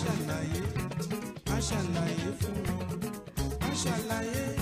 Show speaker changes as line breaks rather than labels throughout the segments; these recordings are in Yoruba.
ṣàlàyé
a ṣàlàyé fún wọn a ṣàlàyé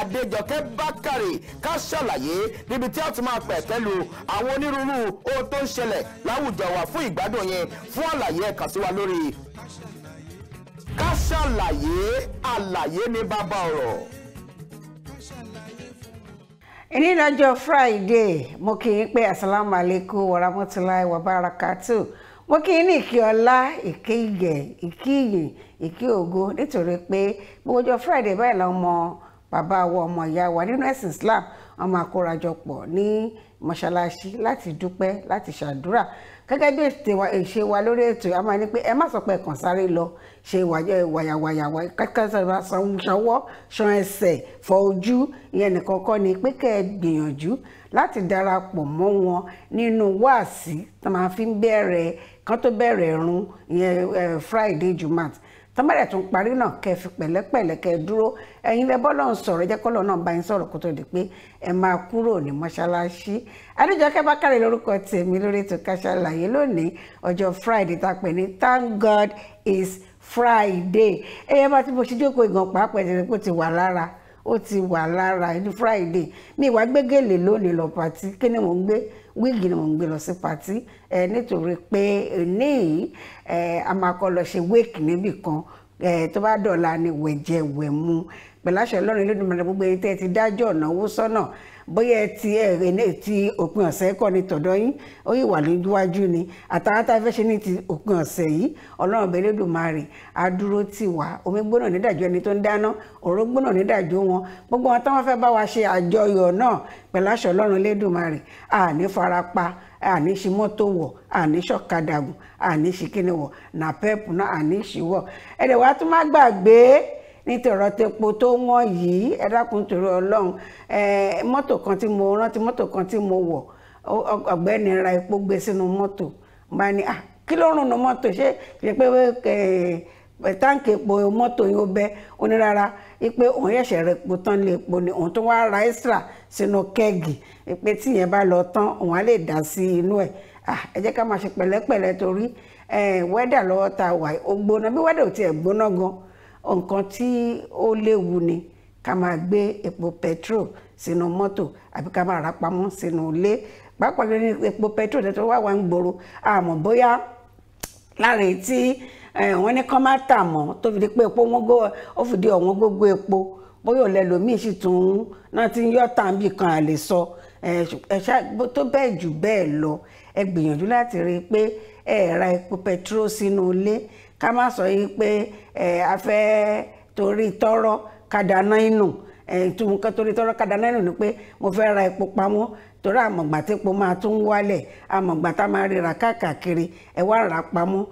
adéjọkẹ́ bákàrè ká ṣàlàyé níbi tí a ti máa pẹ̀kẹ́ lu àwọn onírúurú ohun tó ń ṣẹlẹ̀ láwùjọ wa fún ìgbádùn yẹn fún àlàyé ẹ sí wa lórí ká ṣàlàyé àlàyé ní bàbá ọ̀rọ̀
ní friday mo kì í pé asalaamu aleykum warahmatulahi wabarakatu mo kì í ní ìkí ọlá ìkí ìgẹ̀ ìkí ìyìn ìkí ògo nítorí pé gbogbo ọjọ́ friday báyìí lọ́mọ bàbá wa ọmọ ìyá wa nínú ẹ̀sìn Islam wọn máa kórajọpọ̀ ní mọ́ṣáláṣí láti dúpẹ́ láti ṣàdúrà gẹ́gẹ́ bí ètè wa èṣe wa lórí ètò a máa ní pé ẹ má sọ pé ẹ kàn sáré lọ ṣe wàyàwàyà kẹ́kẹ́ sanwó ṣan ẹsẹ̀ fọ ojú ìyẹn nìkan kọ́ ni pé kẹ́ ẹ gbìyànjú láti darapọ̀ mọ́ wọn nínú wáàsí tó máa fi ń bẹ̀rẹ̀ kan tó bẹ̀rẹ̀ ìrun ìyẹn Friday jumat tọ́mọ̀rẹ̀ tún parí náà kẹ́ fi pẹ̀lẹ́pẹ̀lẹ́ kẹ́ dúró ẹ̀yin lẹ bọ́lọ̀ ń sọ̀rọ̀ ẹ jẹ́ náà bá yín sọ̀rọ̀ kó tó di pé ẹ máa kúrò ní mọ́ṣáláṣí Adéjọkẹ́ Bákàrẹ̀ lórúkọ tèmi lórí ètò Ká lónìí ọjọ́ Friday tá a pè ní Thank God is Friday ẹ̀yẹ́ bá ti bó ṣe ìgàn pàápàá ẹ̀ ó ti wà lára ẹni friday mi wá gbé gèlè lónìí lọ pàtí kí ni mò ń gbé wíìgì ni mò ń gbé lọ sí pàtí ẹ nítorí pé ní ẹ a máa kọ lọ ṣe wéèkì níbì kan ẹ tó bá dọ̀la ni wẹ̀jẹ̀ wẹ̀ mu pẹ̀láṣẹ ọlọ́run lónìí mọ̀lẹ́ gbogbo ẹni tẹ́ ti dájọ́ ọ̀nà owó sọ́nà bóyá ti ẹ̀rẹ̀ náà ti òpin ọ̀sẹ̀ kọ́ ni tọ̀dọ̀ yín ó yìí wà lójúwájú ni àtàwọn tá a fẹ́ ṣe ní ti òpin ọ̀sẹ̀ yìí ọlọ́run bẹ̀rẹ̀ lòdùmarè á dúró tì wá omi gbóná nídàjọ́ ẹni tó ń dáná òró gbóná nídàjọ́ wọn gbogbo wọn táwọn fẹ́ bá wa ṣe àjọyọ̀ náà pẹ̀lú àṣọ ọlọ́run lẹ́dùmarè àní farapa àní ṣe mọ́tò wọ̀ àní ṣọ̀kadà àní ṣe kíni wọ̀ nà náà àní ṣìwọ̀ ẹ̀dẹ̀ wa tún má gbàgbé nítòrọ tepo tó wọ́n yìí ẹ dákun torí Ọlọ́run mọ́tò kan tí mo rántí mọ́tò kan tí mo wọ̀ ọ̀gbẹ́ni ra epo gbé sínú mọ́tò bá ní ah kí ló rùn nu mọ́tò ṣé ṣe pé táǹkì epo mọ́tò yóò bẹ onírara pé òun ṣẹ̀ṣẹ̀ rẹ epo tán lé epo ni òun tó wá ra extra sínú kẹ́ẹ̀gì pé tíyẹn bá lọ tán òun á lè dà sí inú ẹ̀ ah, ẹ jẹ́ ká máa ṣe pẹ̀lẹ́pẹ̀lẹ́ torí wẹ́dà lọ́wọ́ ta wà ó gbóná bí wẹ́dà ò tiẹ̀ gbóná gan-an nǹkan tí ó léwu ni ká máa gbé epo petrol sínú mọ́tò àbí ká máa rà pamọ́ sínú ilé pàápàá ní epo petrol tẹ́tọ́ wà wá ń gbòòrò àmọ́ bóyá láre tí eh, wọ́n ní kán má tà mọ́ tó fi di pé epo wọn gbó ó fi di ọ̀wọ́n gógó epo bóyá ọ̀lẹ́lòmíì sì tún náà ti ń yọ̀ tàǹbì kan à lè sọ tó bẹ́ẹ̀ jù bẹ́ẹ̀ lọ ẹ gbìyànjú láti rí i pé ẹ ra epo petrol sínú ilé ká má sọ yìí pé a fẹ́ torí tọrọ kàdáná inú ìtumọ̀ kan torí tọrọ kàdáná inú ni pé mo fẹ́ ra epo pamọ́ torí àmọ̀gbà tí epo máa tún wálẹ̀ àmọ̀gbà tá a máa ríra káàkiri ẹ wá ra pamọ́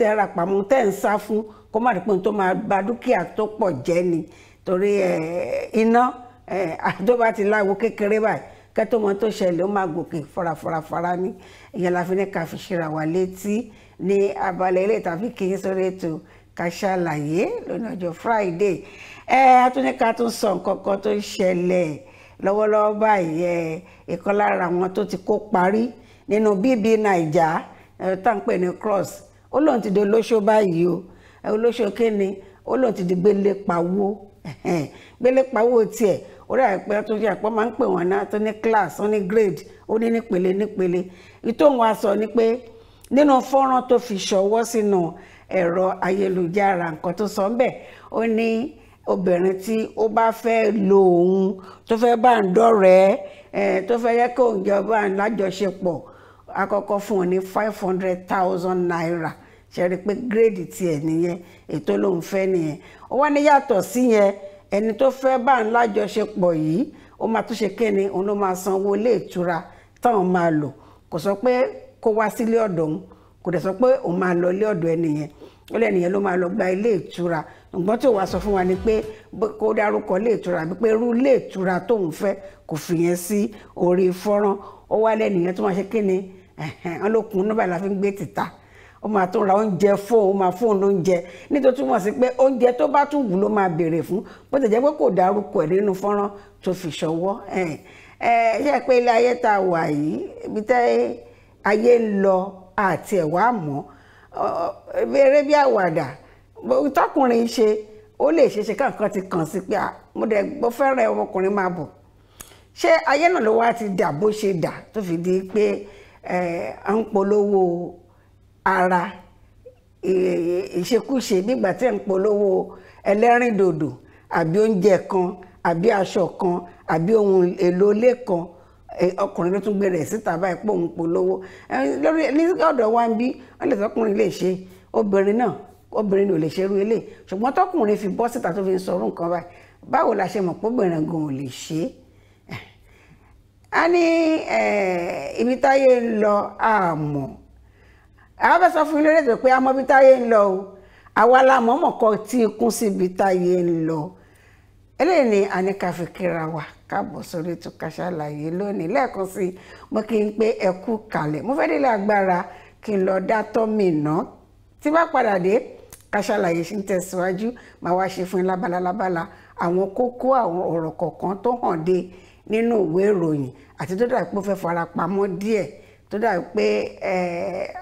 tẹ́ ra pamọ́ tẹ́ ń sá fún kó má rí pé tó máa bà dúkìá tó pọ̀ jẹ́ ni torí iná tó ti láwo kékeré báyìí kẹ́tọ́ tó ṣẹlẹ̀ ó máa gòkè farafara ní ìyẹn la fi ní ká fi ṣera wa létí ní abalẹ̀ ilé tàbí kì í sórí ètò ká ṣàlàyé lónìí ọjọ́ Friday ẹ atúnika tún sọ nǹkan kan tó ń ṣẹlẹ̀ lọ́wọ́lọ́wọ́ báyìí ẹ ìkan lára àwọn tó ti kó parí nínú bíbí Naija táǹpẹ̀ ní cross ó lóun ti di olóṣó báyìí o olóṣó kíni ó lóun ti di gbélé pawó gbélé pawó tiẹ̀ orí àìpẹ́ tó ṣe àpọ́ máa ń pè wọ́n náà tó class ó ní grade ó ní nípele nípele ìtòhùn aṣọ ni pé nínú fọ́nrán tó fi ṣọwọ́ sínú ẹ̀rọ ayélujára nǹkan tó sọ ńbẹ̀ ó ní obìnrin tí ó bá fẹ́ lo òun tó fẹ́ bá ń dọ̀rẹ́ ẹ̀ tó fẹ́ yẹ kó òun jọ bá ń lájọṣepọ̀ àkọ́kọ́ fún òun ní five hundred thousand naira ṣẹ́rí pé gírèdì tiẹ̀ nìyẹn ètò lòun fẹ́ nìyẹn ó wá ní yàtọ̀ sí yẹn ẹni tó fẹ́ bá ń lájọṣepọ̀ yìí ó máa tún ṣe kéne òun ló máa sanwó ilé ìtura táwọn máa lò kò sọ pé kó wá sílé ọ̀dọ̀ òun kò dẹ̀ sọ pé òun máa lọ ilé ọ̀dọ̀ ẹnìyẹn ó lẹ́ nìyẹn ló máa lọ gba ilé ìtura ṣùgbọ́n tí ò wá sọ fún wa ni pé kó dárúkọ ilé ìtura àbí pé irú ilé ìtura tóun fẹ́ kò fìyẹn sí orí fọ́nrán ó wá lẹ́nìyẹn tó máa ṣe kí ni ẹ̀hẹ̀n ọlọ́kùn nọ́bà la fi ń gbé tìta ó máa tún ra oúnjẹ fóun ó máa fóun lóúnjẹ nítorí túmọ̀ sí pé oúnjẹ tó bá tún wù ló máa béèrè fún bó ti jẹ́ pé kò dárúkọ ẹ̀ nínú fọ́nrán tó fi ṣọwọ́ ẹ̀ ẹ̀ ṣe pé ilé ayé tá a wà yìí ibi tẹ́ ayé ń lọ àti ẹ̀wà mọ́ eré bí àwàdà tọkùnrin ṣe ó lè ṣe ṣe kankan ti kàn sí pé mo dẹ̀ gbọ́ fẹ́ràn ọmọkùnrin máa bọ̀ ṣé ayé náà ló wá ti dà bó ṣe dà tó fi di pé à ń polówó ara ìṣekúṣe nígbà tí à ń polówó ẹlẹ́rìndòdò àbí oúnjẹ kan àbí aṣọ kan àbí ohun èlò ilé kan ọkùnrin ló tún gbé rẹ̀ síta báyìí pò ń polówó lórí ní ọ̀dọ̀ wa ń bí wọ́n lè tọkùnrin lè ṣe obìnrin náà obìnrin ò lè ṣerú ilé ṣùgbọ́n tọkùnrin fi bọ́ síta tó fi ń sọrú nǹkan báyìí báwo la ṣe mọ̀ pé obìnrin gan ò lè ṣe é a ní ibi táyé ń lọ àmọ́ àwọn bá sọ fún ilé rẹ̀ pé àmọ́ ibi táyé ń lọ o àwa la mọ̀ọ́mọ̀ kọ tí ikún sí ibi táyé ń lọ eléyìí ni a ní ká fi kíra wa káàbọ̀ sórí ètò Ká Sálàyé lónìí lẹ́ẹ̀kan sí mo kí n pé ẹ kú kalẹ̀ mo fẹ́ délé agbára kí n lọ dá tọ́mì ná tí bá padà dé Ká Sálàyé ṣì ń tẹ̀síwájú màá wá ṣe fún yín lábala lábala àwọn kókó àwọn ọ̀rọ̀ kọ̀ọ̀kan tó hàn dé nínú ìwé ìròyìn àti tó dàbí pé ó fẹ́ fara díẹ̀ tó dàbí pé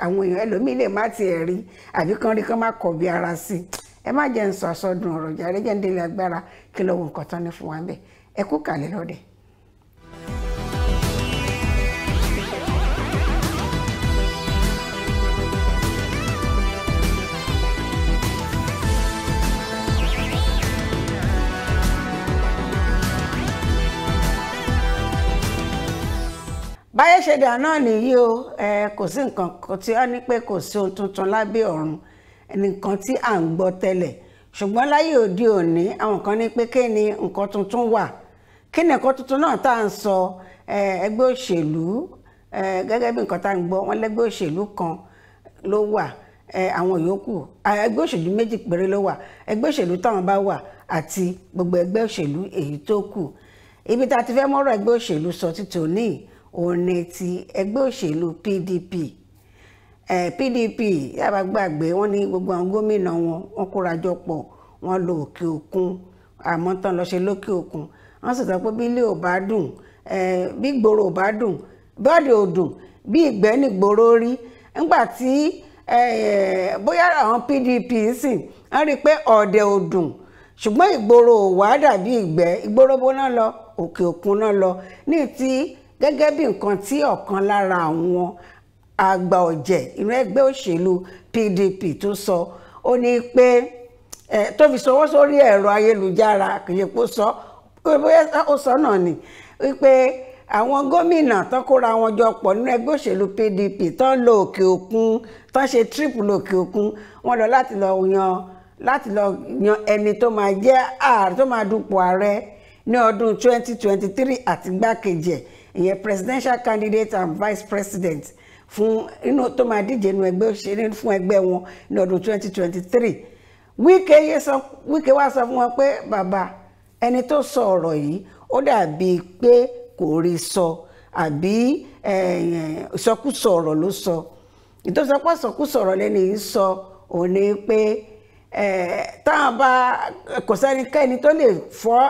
àwọn èèyàn ẹlòmíì lè má tiẹ̀ rí àbí kán rí kán má kọ̀ bí ara sí i ẹ má jẹ́ ń sọ àsọdùn ọ̀rọ̀ jàre jẹ́ ń délé agbára kí lọ́wọ́ nǹkan tán ní fún wa ń bẹ̀ ẹ kú kàlẹ́ lọ́dẹ̀. báyé ṣe dà náà nìyí o kò sí nǹkan tí wọ́n ní pé kò sí ohun tuntun lábẹ́ ọ̀run nǹkan tí à ń gbọ́ tẹ́lẹ̀ ṣùgbọ́n láyé òde òní àwọn kan ní pé kí ni nǹkan tuntun wà kí ni nǹkan tuntun náà tá à ń sọ ẹgbẹ́ òṣèlú gẹ́gẹ́ bí nǹkan tá à ń gbọ́ wọn lẹ́gbẹ́ òṣèlú kan ló wà àwọn yòókù ẹgbẹ́ òṣèlú méjì péré ló wà ẹgbẹ́ òṣèlú táwọn bá wà àti gbogbo ẹgbẹ́ òṣèlú èyí tó kù ibi tá a ti fẹ́ mọ́rọ̀ ẹgbẹ́ òṣèlú sọ títí òní òní ti ẹgbẹ́ òṣèlú PDP PDP yàrá gbàgbé wọn ní gbogbo àwọn gómìnà wọn wọn kóra jọ pọ̀ wọn lọ òkè òkun àmọ́ tán lọ ṣe lókè òkun wọn sì sọ pé bí ilé ò bá dùn bí ìgboro ò bá dùn bọ́ọ̀dì ò dùn bí ìgbẹ́ nìgboro rí nígbà tí bóyá àwọn PDP sì wọ́n rí i pé ọ̀dẹ̀ ò dùn ṣùgbọ́n ìgboro ò wá dàbí ìgbẹ́ ìgboro bó náà lọ òkè òkun náà lọ ní ti gẹ́gẹ́ bí nǹkan tí ọ̀kan lára àwọn àgbà ọ̀jẹ̀ ìran ẹgbẹ́ òṣèlú PDP tó sọ ó ní pé tó fi sọwọ́ sórí ẹ̀rọ ayélujára kì í pò sọ ó sọ náà ni wípé àwọn gómìnà tó kóra wọn jọ pọ̀ nínú ẹgbẹ́ òṣèlú PDP tó ń lọ òkè òkun tó ń ṣe trip lọ òkè òkun wọ́n lọ láti lọ yan láti lọ yan ẹni tó máa jẹ́ ààrẹ tó máa dupò ààrẹ ní ọdún 2023 àti gbákejì ìyẹn presidential candidate and vice president fún inú tó máa díje nínú ẹgbẹ́ òṣèré fún ẹgbẹ́ wọn ní ọdún 2023 Wike wá sọ fún wọn pé bàbá ẹni tó sọ ọ̀rọ̀ yìí ó dàbí pé kò rí sọ àbí ìsọkúsọ ọ̀rọ̀ ló sọ ìtòsọpọ̀ ìsọkúsọ ọ̀rọ̀ lẹ́ni yìí sọ òun ni pé táwọn bá kò sẹ́nikẹ́ni tó lè fọ́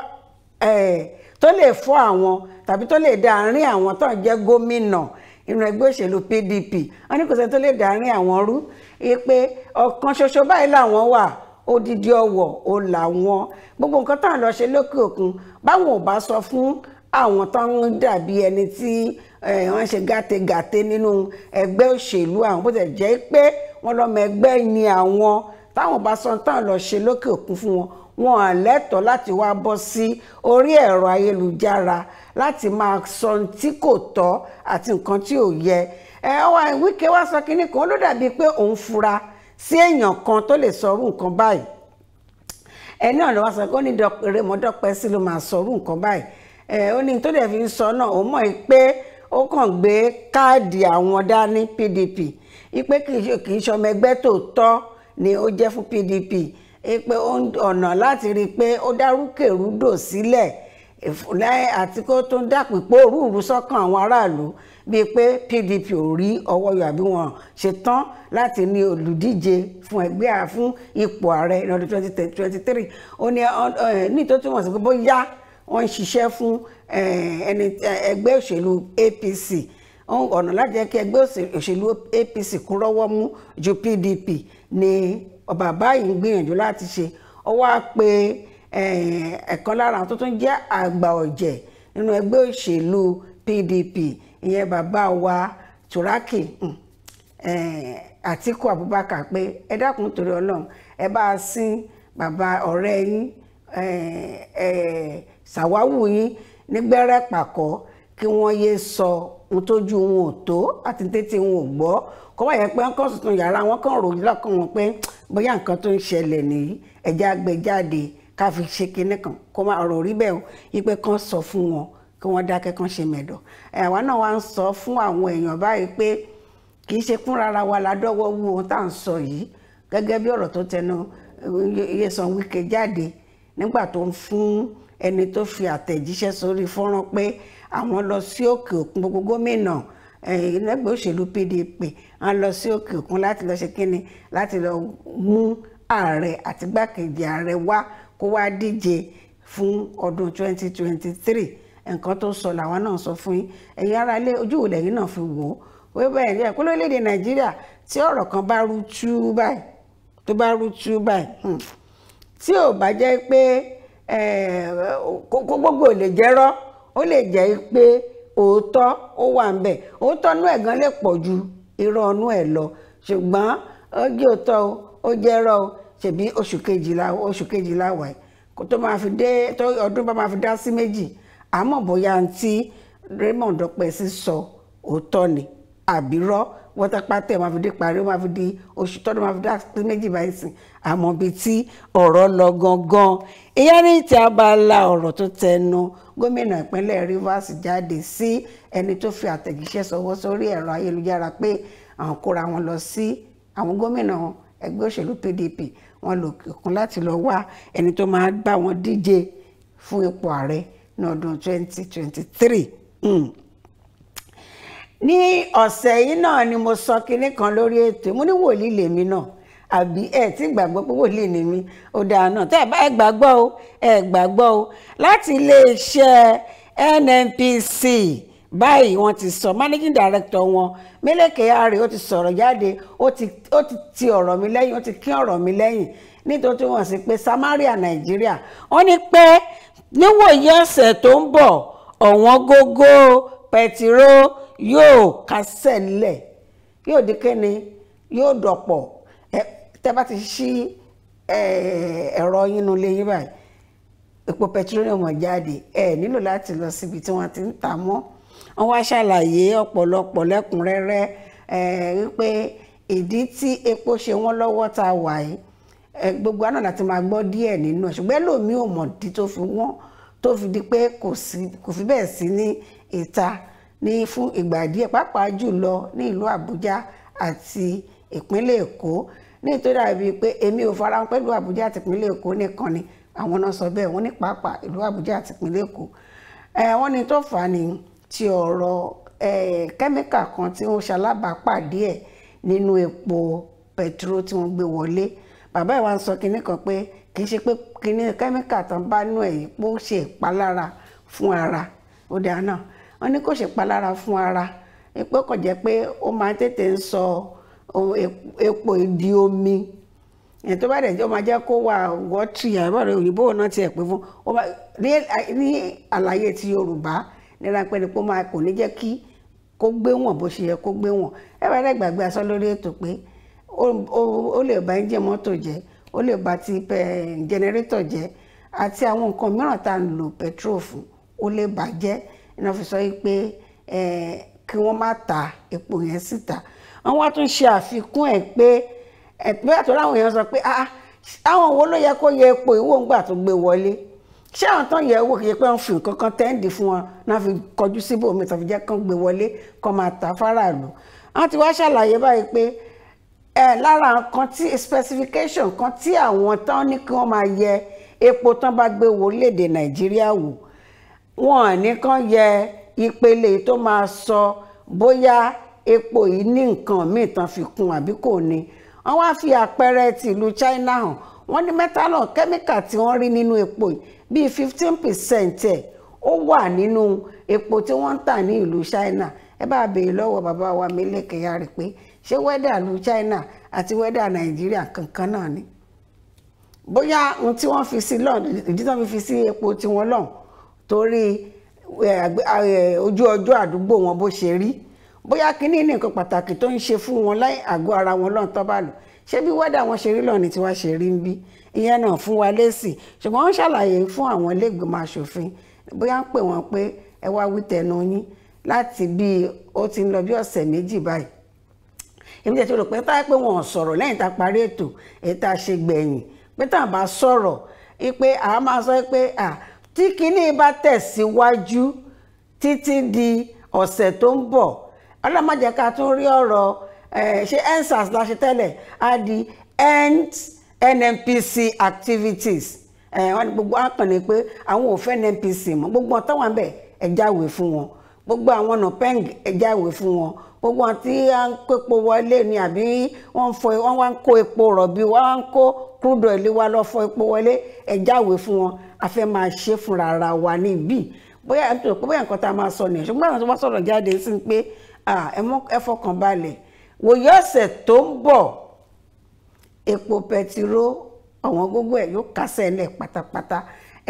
tó lè fọ́ àwọn tàbí tó lè dá àárín àwọn tó ń jẹ́ gómìnà inú ẹgbẹ́ òṣèlú PDP wọn ní kò sẹ́ni tó lè dárin àwọn rú pé ọ̀kan ṣoṣo báyìí làwọn wà odidi ọ̀wọ̀ o làwọn gbogbo nǹkan táwọn lọ ṣe lókè òkun báwọn ò bá sọ fún àwọn táwọn dàbí ẹni tí wọ́n ṣe gàtégàté nínú ẹgbẹ́ òṣèlú àwọn bó tẹ̀ jẹ́ pé wọ́n lọ́mọ ẹgbẹ́ ni àwọn táwọn bá sọ táwọn lọ ṣe lókè òkun fún wọn wọn à lẹ́tọ̀ọ́ láti wá bọ́ sí orí ẹ̀rọ ayélujára láti máa sọ tí kò tọ́ àti nǹkan tí ò yẹ ẹ ọwọ́ Wike wá sọ kínní kan ló dàbí pé òun fura sí èèyàn kan tó lè sọrú nǹkan báyìí ẹni ọ̀nà wa sọ pé ó ní Rèmọdọ́pẹ́ sí ló máa sọrú nǹkan báyìí ó ní tó dẹ̀ fi ń sọ náà òun mọ̀ pé ó kàn gbé káàdì àwọn dání PDP ipe kì í ṣọmọ ẹgbẹ́ tòótọ́ ni ó jẹ́ fún PDP ipe ọ̀nà láti rí i pé ó dárúkèrúdò sílẹ̀ si àti kó tó ń dàpípò òrùrù sọ́kàn àwọn aráàlú bíi pé PDP ò rí ọwọ́ yọ àbí wọn ṣe tán láti ní olùdíje fún ẹgbẹ́ fún ipò ààrẹ ní ọdún 2023 ó ní ní tó túmọ̀ sí pé bóyá wọ́n ń ṣiṣẹ́ fún ẹgbẹ́ òṣèlú APC ọ̀nà láti jẹ́ kí ẹgbẹ́ òṣèlú APC kó rọ́wọ́ mú ju PDP ni bàbá yìí ń gbìyànjú láti ṣe ó wá pé Eh, ẹ̀kan lára àwọn tó tún jẹ́ àgbà ọ̀jẹ̀ nínú ẹgbẹ́ òṣèlú PDP ìyẹn bàbá wa Turaki hmm, eh, Àtíkù Abubakar pé ẹ dákun torí Ọlọ́run ẹ bá a sin bàbá ọ̀rẹ́ yín eh, ṣàwáwù yín nígbẹ́rẹ́ pàkọ́ kí wọ́n yé sọ ohun tójú wọn ò tó àti tètè wọn ò gbọ́ kọ́ wáyé pé wọ́n kàn yàrá wọn kàn ròyìn lọ́kàn wọn pé bóyá nǹkan tó ń ṣẹlẹ̀ nìyí ẹ̀já gbé jáde ká fi ṣe kinní kan kó má ọ̀rọ̀ rí bẹ́ẹ̀ o ipe kan sọ fún wọn kí wọ́n dákẹ́ kan ṣe mẹ̀dọ̀ àwa náà wá ń sọ fún àwọn èèyàn báyìí pé kì í ṣe kún rárá wa ládọ́wọ́ wú ohun tá à ń sọ yìí gẹ́gẹ́ bí ọ̀rọ̀ tó tẹnu Nyesom Wike jáde nígbà tó ń fún ẹni tó fi àtẹ̀jíṣẹ́ sórí fọ́nrán pé àwọn lọ sí òkè òkun gbogbo gómìnà ẹgbẹ́ òṣèlú PDP wọn lọ sí òkè òkun láti lọ ṣe kínni láti lọ mú ààrẹ àti gbàkejì ààrẹ wá kó wá díje fún ọdún 2023 nǹkan tó sọ làwọn náà sọ fún yín ẹ̀yin ará ilé ojú ìwòlẹ̀ yín náà fi wò ó wọ́n bẹ̀rẹ̀ ní ẹ̀kọ́ lórílẹ̀‐èdè nàìjíríà tí ọ̀rọ̀ kan bá rú tú báyìí tó bá rú tú báyìí hmm, tí ò bá jẹ́ pé kó gbogbo ò lè jẹ́rọ́ ó lè jẹ́ pé òótọ́ ó wà ń bẹ̀ òótọ́ inú ẹ̀ gan lè pọ̀ ju irọ́ inú ẹ̀ lọ ṣùgbọ́n ó jẹ́ òótọ́ ó jẹ́rọ́ o ṣèbí oṣù kejìlá oṣù kejìlá wà ẹ kó tó máa fi dé tó ọdún bá máa fi dá sí méjì àmọ́ bóyá ntí Raymond Ọpẹ́sí sọ òótọ́ ni àbírọ́ wọ́tápátẹ́ máa fi dé parí máa fi di oṣù tọ́dún máa fi dá sí méjì báyìí sìn àmọ́ bí tí ọ̀rọ̀ lọ gangan ìyá ní ti abala ọ̀rọ̀ tó tẹnu gómìnà ìpínlẹ̀ Rivers jáde sí ẹni tó fi àtẹ̀jíṣẹ́ sọwọ́ sórí ẹ̀rọ ayélujára pé àwọn kóra wọn lọ sí àwọn gómìnà ẹgbẹ́ òṣèlú PDP wọn lò kíkún láti lọ wá ẹni tó máa gbà wọn díje fún ipò ààrẹ ní ọdún 2023. Mm. ní ọ̀sẹ̀ yìí náà ni mo sọ kinní kan lórí ètò mo ní wòlíì lèmi náà àbí ẹ ti gbàgbọ́ pé wòlíì ni mí ó dáa náà tẹ́ ẹ gbàgbọ́ o ẹ gbàgbọ́ o láti iléeṣẹ́ NNPC báyìí wọ́n ti sọ managing director wọn Meleke Yare ó ti sọ̀rọ̀ jáde ó ti ti ọ̀rọ̀ mi lẹ́yìn ó ti kín ọ̀rọ̀ mi lẹ́yìn nítorí tí wọ́n sì pé Samaria Nàìjíríà wọ́n ní pé níwòye ọ̀sẹ̀ tó ń bọ̀ ọ̀wọ́n gógó pẹtiró yóò kásẹ̀ ńlẹ̀ yóò di kíni yóò dọ̀pọ̀ tẹ́ bá ti ṣí ẹ̀rọ yín nulẹ̀ yín báyìí epo pẹtiró ni wọ́n jáde ẹ̀ nílò láti lọ síbi tí wọ́n ti ń ta mọ́ wọ́n wá ṣàlàyé ọ̀pọ̀lọpọ̀ lẹ́kùnrẹ́rẹ́ wípé ìdí tí epo ṣe wọ́n lọ́wọ́ tá a wà yìí gbogbo àná láti máa gbọ́ díẹ̀ nínú ẹ̀ ṣùgbọ́n ẹlòmíì ò mọ̀ ìdí tó fi wọ́n tó fi di pé kò fi bẹ́ẹ̀ sí ní ìta ní fún ìgbà díẹ̀ pàápàá jùlọ ní ìlú Àbújá àti ìpínlẹ̀ Èkó nítorí àbí pé èmi ò farahàn pẹ̀lú Àbújá àti ìpínlẹ̀ Èkó nìkan ni àwọn náà sọ bẹ́ẹ̀ wọ́n ní pàápàá ìlú Àbújá àti ìpínlẹ̀ Èkó wọ́n ní tó fà á nìyí ti ọ̀rọ̀ kẹ́míkà kan tí wọ́n ṣalábàápàdé ẹ̀ nínú epo pẹtiró tí wọ́n gbé wọlé bàbá ìwà ń sọ kinní kan pé kì í ṣe pé kinní kẹ́míkà tán bá nú ẹ̀ pé ó ṣe ìpalára fún ara ó dáa náà wọ́n ní kò ṣe ìpalára fún ara pé kò jẹ́ pé ó máa ń tètè ń sọ epo ìdí omi ẹ̀ tó bá dẹ̀ jọ́ máa jẹ́ kó wà wọ́tì àbọ̀rẹ̀ òyìnbó náà tiẹ̀ pé fún ní àlàyé ti Yorùbá ní ráńpẹ́ ni kó máa kò ní jẹ́ kí kó gbé wọn bó ṣe yẹ kó gbé wọn ẹ bá dẹ́ gbàgbé aṣọ lórí ètò pé ó lè ba ẹ́ńjìn mọ́tò jẹ́ ó lè ba ti jẹnẹrétọ̀ jẹ́ àti àwọn nǹkan mìíràn tá à ń lo petrol fún ó lè bàjẹ́ iná fi sọ pé kí wọ́n má ta epo yẹn síta wọ́n wá tún ṣe àfikún ẹ̀ pé ẹ̀pẹ́ àtọ́láwọn èèyàn sọ pé ah, ah, àwọn wo ló yẹ kó yẹ epo ìwọ̀ngbà tó gbé wọlé ṣé àwọn tán yẹ owó kìí pé wọ́n fi nǹkan kan tẹ́ǹdì fún wọn náà fi kọjú síbò mi tó fi jẹ́ kán gbé wọlé kán máa ta fáráàlú wọ́n ti wá ṣàlàyé báyìí pé ẹ lára nǹkan tí specification kan tí àwọn tán ní kí wọ́n máa yẹ epo tán bá gbé wọléèdè nàìjíríà wò wọ́n ní kán yẹ ìpele tó máa sọ bóyá epo yìí ní nǹkan míì tán fi kún àbí kò ní wọ́n wá fi àpẹẹrẹ tìlú China hàn wọ́n ní methanol kẹ́míkà tí wọ́n rí nínú epo yìí bíi fifteen percent ẹ̀ ó wà nínú epo tí wọ́n ń tà ní ìlú China ẹ bá béèrè lọ́wọ́ bàbá wa Mele Kyari pé ṣé wẹ́dà ìlú China àti wẹ́dà Nàìjíríà kankan náà ni bóyá ohun tí wọ́n fi sí lọ́n ìdí tí wọ́n fi sí epo tiwọn lọ́n torí ojú ọjọ́ àdúgbò wọn bó ṣe rí bóyá kínní ní nǹkan pàtàkì tó ń ṣe fún wọn láì àgọ́ ara wọn lọ́n tó bá lò ṣé bí wẹ́dà wọn ṣe rí lọ́ọ̀ni tí wàá ṣe rí ń bí ìyẹn náà fún wa lésì ṣùgbọ́n wọ́n ṣàlàyé fún àwọn ilégbèmọ̀ aṣòfin bóyá ń pè wọ́n pé ẹ wá wí tẹnu yín láti bí ó ti ń lọ bí ọ̀sẹ̀ méjì báyìí èmi tẹ̀ tí rò pé tá pé wọn ò sọ̀rọ̀ lẹ́yìn tá a parí ètò èyí tá a ṣe gbẹ̀yìn pé tá a bá sọ̀rọ̀ pé a máa sọ pé tí kinní bá tẹ̀síwájú títí di ọ̀sẹ̀ tó ń bọ̀ ọlọ́mọdé ká tún rí ọ̀rọ̀ Eh, ṣe endsars la ṣe tẹ́lẹ̀ á di end nnpc activities eh, wọ́n ní gbogbo àpẹẹrẹ pé àwọn ò fẹ́ nnpc mọ́ gbogbo ọ̀tá wà ń bẹ̀ ẹ jáwèé fún wọn gbogbo àwọn ọ̀nà peng ẹ jáwèé fún wọn gbogbo àwọn tí à ń kó epo wọlé ni àbí wọ́n ń fọ wọ́n wá ń kó epo rọ̀bì wọ́n wá ń kó crude oil wa lọ fọ epo wọlé ẹ jáwèé fún wọn a fẹ́ máa ṣe fúnra ara wa níbí bóyá nítorí pé bóyá nǹkan tá a máa sọ nìyẹn ṣùgbọ́n àwọn tó bá sọ̀rọ̀ jáde sí pé ẹ fọkàn balẹ̀ wòye ọ̀sẹ̀ tó ń bọ̀ epo pẹtiró ọ̀wọ́n gógó ẹ̀ yóò kásẹ̀ ńlẹ̀ pátápátá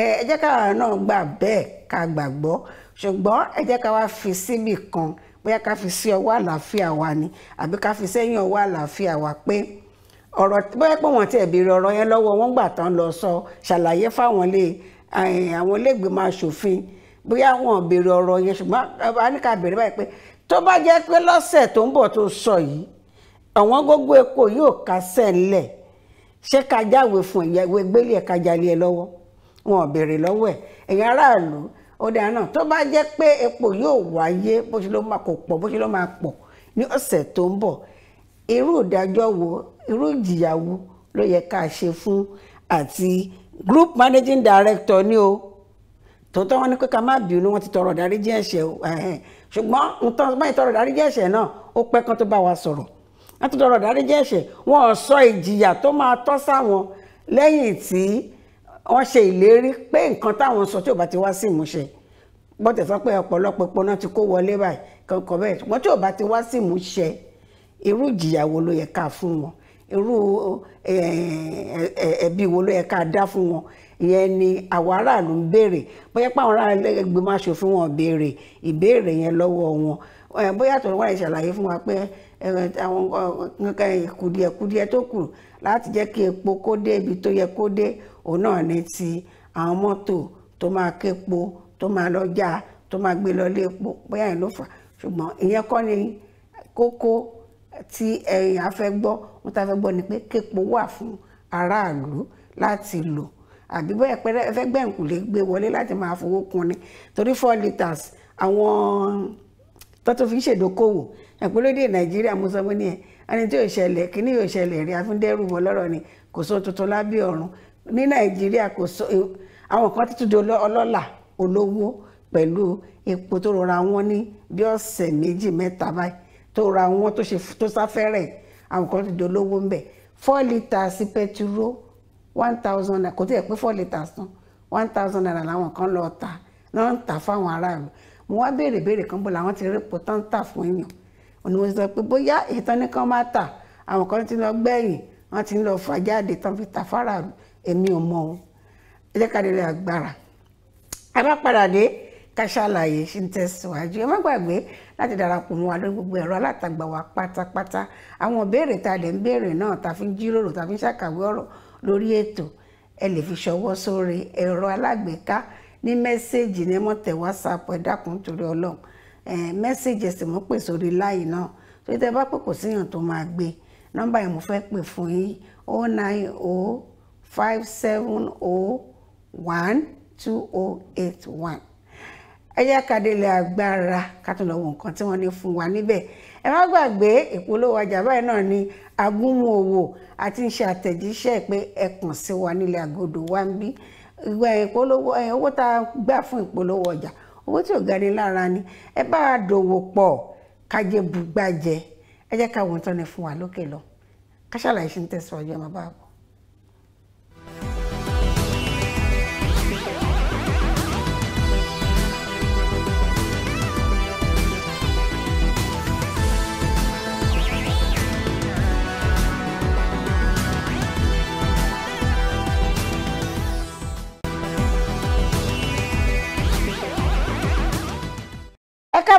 ẹ jẹ́ káwa náà gbà bẹ́ẹ̀ ká gbàgbọ́ ṣùgbọ́n ẹ jẹ́ káwa fi síbì kan bóyá ká fi sí ọwọ́ àlàáfíà wa ni àbí ká fi sẹ́yìn ọwọ́ àlàáfíà wa pé ọ̀rọ̀ bóyá pé wọ́n tiẹ̀ béèrè ọ̀rọ̀ yẹn lọ́wọ́ wọn gbà tán lọ sọ ṣàlàyé fáwọn ilé àwọn iléègbèmọ̀ aṣòfin bóyá wọn béèrè ọ̀rọ̀ yẹn ṣùgbọ́n a ní ká béèrè báyìí pé tó bá jẹ́ pé lọ́sẹ̀ tó ń bọ̀ tó sọ yìí àwọn gógó epo yóò kásẹ̀ ńlẹ̀ ṣé ká jáwé fún ìyàwó gbélé ẹ̀ka jalè ẹ lọ́wọ́ wọn ò béèrè lọ́wọ́ ẹ̀ ẹ̀yin aráàlú ó dáa náà tó bá jẹ́ pé epo yóò wáyé bó ṣe ló máa kò pọ̀ bó ṣe ló máa pọ̀ ní ọ̀sẹ̀ tó ń bọ̀ irú ìdájọ́ wo irú ìjìyà ló yẹ ká ṣe fún àti group managing director ni o tòótọ́ wọn ní pé ká má bínú wọn ti tọrọ ìdáríjì ẹ̀ṣẹ̀ ṣùgbọ́n nǹkan báyìí tọrọ ìdáríjì ẹ̀ṣẹ̀ náà ó pẹ́ kán tó bá wa sọ̀rọ̀ láti tọrọ ìdáríjì ẹ̀ṣẹ̀ wọn ò sọ ìjìyà tó máa tọ́ sáwọn lẹ́yìn tí wọ́n ṣe ìlérí pé nǹkan táwọn sọ tí ò bá ti wá sí ìmúṣẹ bọ́tẹ̀ sọ pé ọ̀pọ̀lọpọ̀ pọná ti kó wọlé báyìí kankan bẹ́ẹ̀ ṣùgbọ́n tí ò bá ti wá sí ìmúṣẹ irú ìjìyà wo ló yẹ ká fún wọn irú ẹ̀bi wo ló yẹ ká dá fún wọn ìyẹn ni àwọn aráàlú ń béèrè bóyá pé àwọn aráàlú ẹgbẹ̀mọ̀ aṣòfin wọn béèrè ìbéèrè yẹn lọ́wọ́ wọn bóyá tó wà ìṣàlàyé fún wa pé àwọn kùdìẹ̀kùdìẹ̀ tó kù láti jẹ́ kí epo kó dé ibi tó yẹ kó dé òun náà ní ti àwọn mọ́tò tó máa képo tó máa lọ́jà tó máa gbé lọ lé epo bóyá yẹn ló fà ṣùgbọ́n ìyẹn kọ́ ni kókó tí ẹ̀yìn afẹ́ gbọ́ wọ́n ta fẹ́ gbọ́ ni pé képo wà fún aráàlú láti lò àbí bẹ́ẹ̀ pẹ́rẹ́ ẹ fẹ́ gbẹ̀ǹkù lè gbé wọlé láti máa fowó kun ni torí four litres àwọn tó tó fi ń ṣèdókòwò ẹ̀pẹ́lódé nàìjíríà mo sọ fún ni ẹ ẹni tí yóò ṣẹlẹ̀ kíní yóò ṣẹlẹ̀ rí afúndẹ́rù wọ lọ́rọ̀ ni kò sọ tuntun lábẹ́ ọ̀run ní nàìjíríà kò sọ àwọn kan ti tún di ọlọ́lá olówó pẹ̀lú epo tó rọra wọn ní bí ọ̀sẹ̀ méjì mẹ́ta báyìí tó ra wọn tó sáfẹ́rẹ̀ àwọn kan ti di olówó ń bẹ̀ four litres pẹtiró one thousand naira kò tí ì pé four litres tán one thousand naira làwọn kan lọ tà náà ń tà fáwọn aráàlú mo wá béèrè béèrè kan bó làwọn ti rí epo tán ń tà fún èèyàn òní mo sọ pé bóyá ìtàn ní kan máa tà àwọn kan ti lọ gbẹ̀yìn wọ́n ti ń lọ fà jáde tán fi tà fáráàlú èmi ò mọ ohun ẹ ká lè rí agbára a bá padà dé ká ṣàlàyé ṣì ń tẹ̀síwájú ẹ má gbàgbé láti darapọ̀ mọ́ wa lórí gbogbo ẹ̀rọ alátagbà wa pátápátá àwọn ìbéèrè tá a lè ń béèrè náà tá a fi ń jíròrò tá a fi ń ṣàkàwé ọ̀rọ̀ lórí ètò ẹ lè fi ṣọwọ́ sórí ẹ̀rọ alágbèéká ní mẹ́sẹ̀gì ní mọ̀tẹ́ wásaapù ẹ dákun torí ọlọ́run mẹ́sẹ̀gì ẹ̀sìn mú pè sórí láì náà tó tẹ bá pè kò síyàn tó máa gbé nọ́mbà yẹn mo fẹ́ pè fún yín o nine o five seven o one two o eight one ẹ yá kadele agbára ká tún lọ wo nǹkan tí wọ́n ní fún wa níbẹ̀ ẹ má gbàgbé ìpolówó ọjà báyìí náà ni agúnmu òwò àti ṣe àtẹ̀jíṣẹ́ pé ẹ sí wa nílẹ̀ àgọ́dọ̀ wa ń bí ìpolówó owó tá a gbà fún ìpolówó ọjà owó tí ò ga ni lára ni ẹ bá a dòwò pọ̀ kájẹ bùgbàjẹ ẹ jẹ́ ká wọ́n tán ni fún wa lókè lọ ká ṣàlàyé ṣe ń tẹ̀síwájú ẹ máa bá a bọ̀.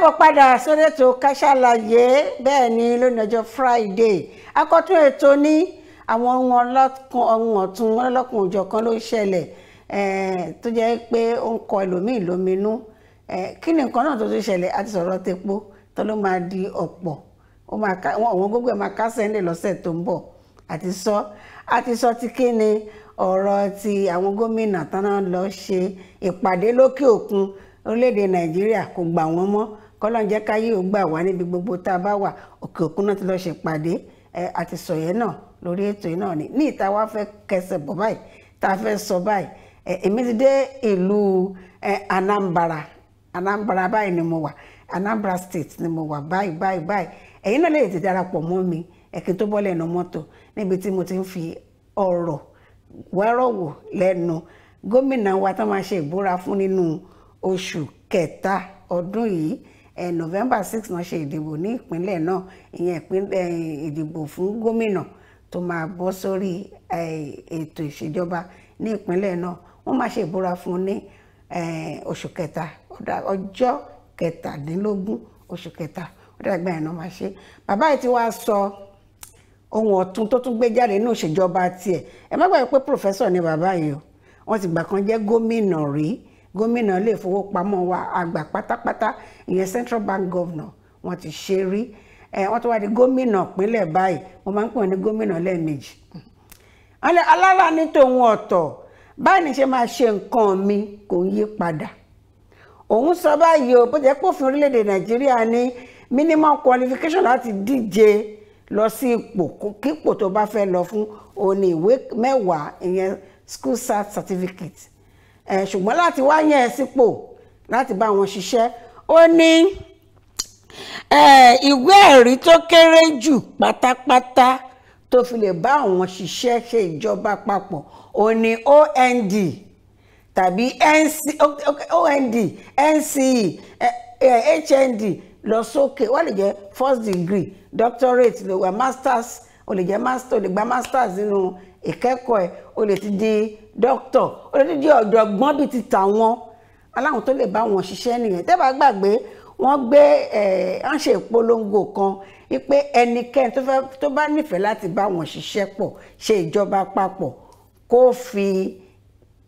káàbọ̀ padà sórí ètò Ká Sálàyé bẹ́ẹ̀ ni lónìí ọjọ́ Friday akọ́tún ètò ní àwọn ohun ọlọ́kun ohun ọ̀tún ọlọ́kun òjọ̀kan ló ń ṣẹlẹ̀ tó jẹ́ pé ó ń kọ ẹlòmíì lóminú kí ni nǹkan náà tó ti ṣẹlẹ̀ àti sọ̀rọ̀ tepo tó ló máa di ọ̀pọ̀ àwọn gbogbo ẹ̀ máa kásẹ̀ ńlẹ̀ lọ́sẹ̀ tó ń bọ̀ àti sọ àti sọ ti kí ni ọ̀rọ̀ ti àwọn gómìnà tán náà lọ ṣe ìpàdé lókè òkun orílẹ̀-èdè Nàìjíríà kò gbà wọ́n mọ́ kọ́lọ́n jẹ́ káyé ò gbà wá níbi gbogbo tá a bá wà òkè òkun náà ti lọ́ọ́ ṣèpàdé àti sọ̀yẹ́ náà lórí ètò yìí náà ni ní ìta wa fẹ́ kẹsẹ̀ bọ̀ báyìí tá a fẹ́ sọ báyìí èmi ti dé ìlú Anambra Anambra báyìí ni mo wà Anambra State ni mo wà báyìí báyìí báyìí ẹ̀yin náà lè ti darapọ̀ mọ́ mi ẹ̀kín tó bọ́ lẹ́nu mọ́tò níbi tí mo ti ń fi ọ̀rọ̀ wẹ́rọ̀wò lẹ́nu gómìnà wa tó máa ṣe ìbúra fún nínú oṣù kẹta ọdún yìí november six náà ṣe ìdìbò ní ìpínlẹ̀ náà ìyẹn ìpínlẹ̀ ìdìbò fún gómìnà tó máa bọ́ sórí ètò ìṣèjọba ní ìpínlẹ̀ náà wọ́n máa ṣe ìbúra fún ní oṣù kẹta ọjọ́ kẹtàdínlógún oṣù kẹta ọ̀dàgbà ẹ̀ náà máa ṣe bàbá yìí ti wá sọ ohun ọ̀tun tó tún gbé jáde nínú ìṣèjọba tiẹ̀ ẹ má gbàgbé pé pòfẹ́sọ̀ ni bàbá yìí o wọ́n ti gbà kan jẹ́ gómìnà rí gómìnà ilé ìfowópamọ́ wa àgbà pátápátá ìyẹn central bank governor wọ́n ti ṣe rí wọ́n tó wá di gómìnà ìpínlẹ̀ báyìí mo máa ń pè wọ́n ní gómìnà lẹ́ẹ̀mejì alára ní tòun ọ̀tọ̀ báyìí ní ṣe máa ṣe nǹkan mi kò ń yí padà òun sọ báyìí o bó jẹ́ pé òfin nàìjíríà ní minimum qualification láti díje lọ sí ipò kípò tó bá fẹ́ lọ fún òní ìwé mẹ́wàá ìyẹn school cert certificate ṣùgbọ́n láti wá yẹn sípò láti bá wọn ṣiṣẹ́ ó ní ìwé ẹ̀rí tó kéré jù pátápátá tó fi lè bá àwọn ṣiṣẹ́ ṣe ìjọba papọ̀ ó ní OND tàbí OND NCE HND lọ sókè wọ́n lè jẹ́ first degree doctorate lè wà masters o lè jẹ́ master o lè gba masters nínú ìkẹ́kọ̀ọ́ ẹ̀ o lè ti di doctor o lè ti di ọ̀jọ̀gbọ́n bíi ti tàwọn aláwọn tó lè bá wọn ṣiṣẹ́ nìyẹn tẹ́ bá gbàgbé wọ́n gbé wọ́n ṣe ìpolongo kan wípé ẹnikẹ́ni tó bá nífẹ̀ẹ́ láti bá wọn ṣiṣẹ́ pọ̀ ṣe ìjọba àpapọ̀ kó fi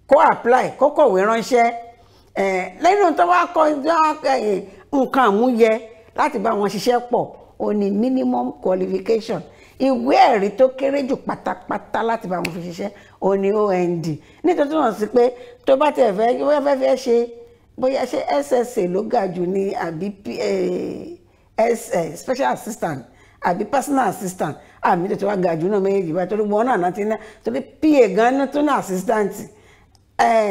kó apply kó kọ̀wé ránṣẹ́ lẹ́yìn tó wá kọ nǹkan àmúyẹ láti bá wọn ṣiṣẹ́ pọ̀ ó ní minimum qualification ìwé ẹ̀rí tó kéré jù pátápátá láti bá wọn fi ṣiṣẹ́ òun ni OND nítorí tó hàn sí pé tó bá tẹ̀ fẹ́ bóyá fẹ́ fẹ́ ṣe bóyá ṣe SSA ló ga jù ní àbí special assistant àbí personal assistant àmì tó ti wá ga jù náà méjèèjì bá torí wọn náà ti ná torí PA gan-an tó ní assistant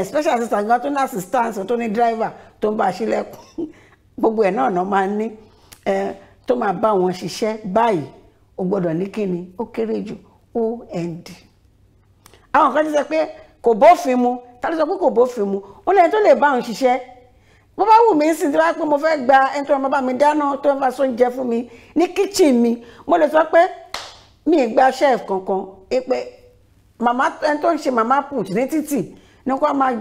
special assistant gan tó ní assistant tó ní driver tó ń bá a ṣílẹ̀kùn gbogbo ẹ̀ náà náà máa ní tó máa bá wọn ṣiṣẹ́ báyìí o gbọ́dọ̀ ní kíni ó kéré jù OND àwọn kan ti sọ pé kò bófin mu ta ló sọ pé kò bófin mu ó lẹ́yìn tó lè bá òun ṣiṣẹ́ bó bá wù mí sí ti wá pé mo fẹ́ gba ẹni tó ń bá mi dáná tó ń bá sóúnjẹ fún mi ní kíchìn mi mo lè sọ pé mi ì gba chef kankan pé màmá ẹni tó ń ṣe màmá put ní títì ní kó máa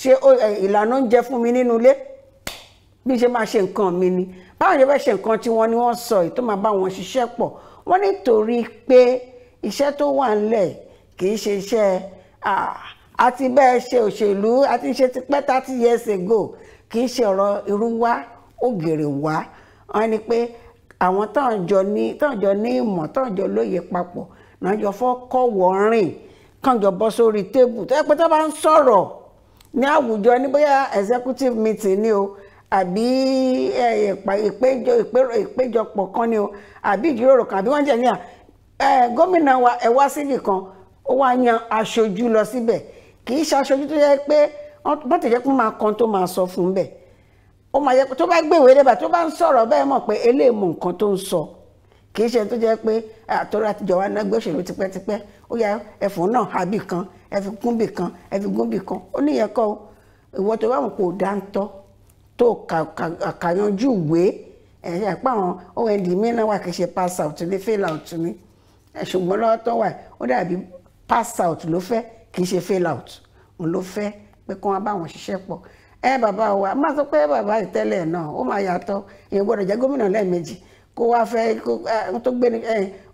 ṣe ìlànà oúnjẹ fún mi nínú ilé bí ṣe máa ṣe nǹkan mi ni báwọn ṣe fẹ́ ṣe nǹkan tí wọ́n ní wọ́n sọ èyí tó máa bá wọn ṣiṣẹ́ pọ̀ wọ́n nítorí pé iṣẹ́ tó wà ńlẹ̀ kì í ṣe iṣẹ́ àti bẹ́ẹ̀ ṣe òṣèlú àti ṣe tipẹ́ thirty years ago kì í ṣe ọ̀rọ̀ irú wá ògèrè wá wọ́n ní pé àwọn táwọn jọ ní táwọn jọ ní ìmọ̀ táwọn jọ lóye papọ̀ náà jọ fọ́ kọ́ wọ́ọ́rìn kànjọ bọ́ sórí tébù tó yẹ pé tó bá ń sọ̀rọ̀ ní àwùjọ ní bóyá executive meeting ni o àbí ìpéjọpọ̀ kan ni o àbí ìjíròrò kan àbí wọ́n jẹ́ ní à gómìnà wa ẹ wá síbì kan ó wá yan aṣojú lọ síbẹ̀ kì í ṣe aṣojú tó yẹ pé wọ́n ti jẹ́ pé máa kan tó máa sọ fún bẹ́ẹ̀ ó máa yẹ tó bá gbèwé débà tó bá ń sọ̀rọ̀ bẹ́ẹ̀ mọ̀ pé eléyìí mọ nǹkan tó ń sọ kì í ṣe tó jẹ́ pé àtọ́rọ̀ àtijọ́ wa náà gbóṣèlú tipẹ́tipẹ́ ó yá ẹ̀fọn náà àbí kan ẹ fi gúnbì kan ẹ kan ó níyẹn kọ́ ìwọ tó bá wọn kò dáńtọ́ tó kàyanjú ìwé ẹ̀ pé àwọn OND mìíràn wà kì í ṣe pass out ní fail out ní ṣùgbọ́n lọ́wọ́ tó wà ó dàbí pass out ló fẹ́ kì í ṣe fail out òun ló fẹ́ pé kí wọ́n bá wọn ṣiṣẹ́ pọ̀ ẹ bàbá wa má sọ pé bàbá ìtẹ́lẹ̀ náà ó máa yàtọ̀ èèyàn gbọ́dọ̀ jẹ́ gómìnà lẹ́ẹ̀mejì kó wá fẹ́ n tó gbé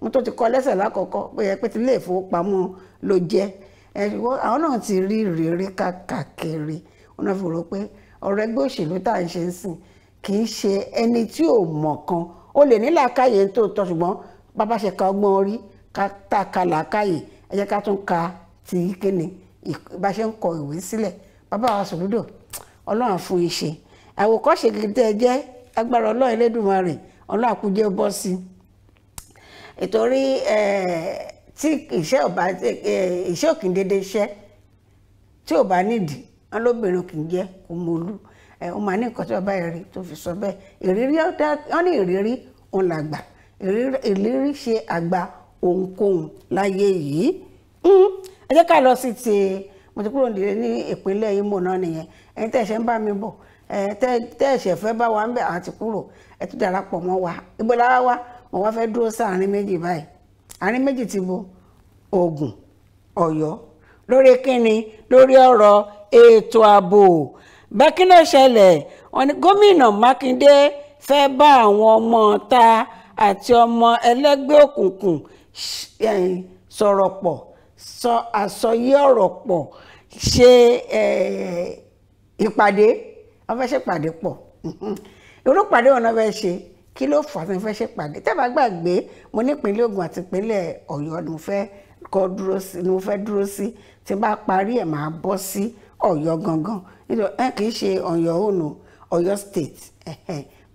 n tó ti kọ lẹ́sẹ̀ lákọ̀ọ́kọ́ bóyá pé ti ilé ìfowópamọ́ ló jẹ́ àwọn náà ti rí rere káàkiri wọn náà fi rò pé ọ̀rọ̀ ẹgbẹ́ òṣèlú tá à ń ṣe ń sìn kì í ṣe ẹni tí ò mọ̀ kan o lè ní làákàyè tó tọ́ ṣùgbọ́n bàbá ṣe ka ọgbọ́n orí ká tá a ka làákàyè ẹ jẹ́ ká tún ka ti kíni bá ṣe ń kọ ìwé sílẹ̀ bàbá wa sòlúdò ọlọ́run fún iṣẹ́ àwòkọ́ṣe gidi tẹ́ ẹ jẹ́ agbára ọlọ́run Elédùmarè ọlọ́run àkújẹ́ bọ́ sí i ìtorí tí iṣẹ́ òkìndéédé iṣẹ́ tí ò bá nídìí wọn lóbìnrin kì í jẹ́ òmòlú ẹ ó máa ní nǹkan tí bàbá rẹ̀ rí tó fi sọ bẹ́ẹ̀ ìrírí wọn ní ìrírí òun làgbà ìrírí ṣe àgbà ohunkóhun láyé yìí hmm. ẹ jẹ́ ká lọ sí ti mo ti kúrò nílé ní ìpínlẹ̀ Imo náà nìyẹn ẹ̀yin tẹ̀ ṣe ń bá mi bọ̀ tẹ́ ẹ̀ṣẹ̀ fẹ́ bá wa ń bẹ̀ àti kúrò ẹ tún darapọ̀ mọ́ wa ibo lára wa mo wá fẹ́ dúró sáàárín méjì báyìí àárín méjì ti bo Ògùn Ọ̀yọ́ lórí kíni lórí ọ̀rọ̀ ètò ààbò bákínà ṣẹlẹ̀ wọ́n ní gómìnà mákindé fẹ́ bá àwọn ọmọ ta àti ọmọ ẹlẹ́gbẹ́ òkùnkùn sọ̀rọ̀ pọ̀ sọ àsọyé ọ̀rọ̀ pọ̀ ṣe ìpàdé wọ́n fẹ́ ṣe ìpàdé pọ̀ irú ìpàdé wọn náà fẹ́ ṣe kí ló fà tí mo fẹ́ ṣe ìpàdé tẹ́ẹ̀ bá gbàgbé mo nípínlẹ̀ Ògùn àti ìpínlẹ̀ Ọ̀yọ́ ni mo fẹ́ kọ́ dúró sí ni mo fẹ́ dúró sí tí n bá parí ẹ̀ máa bọ́ sí. Si ọ̀yọ́ gangan nítorí ẹ kì í ṣe ọ̀yọ́ òun ọ̀yọ́ state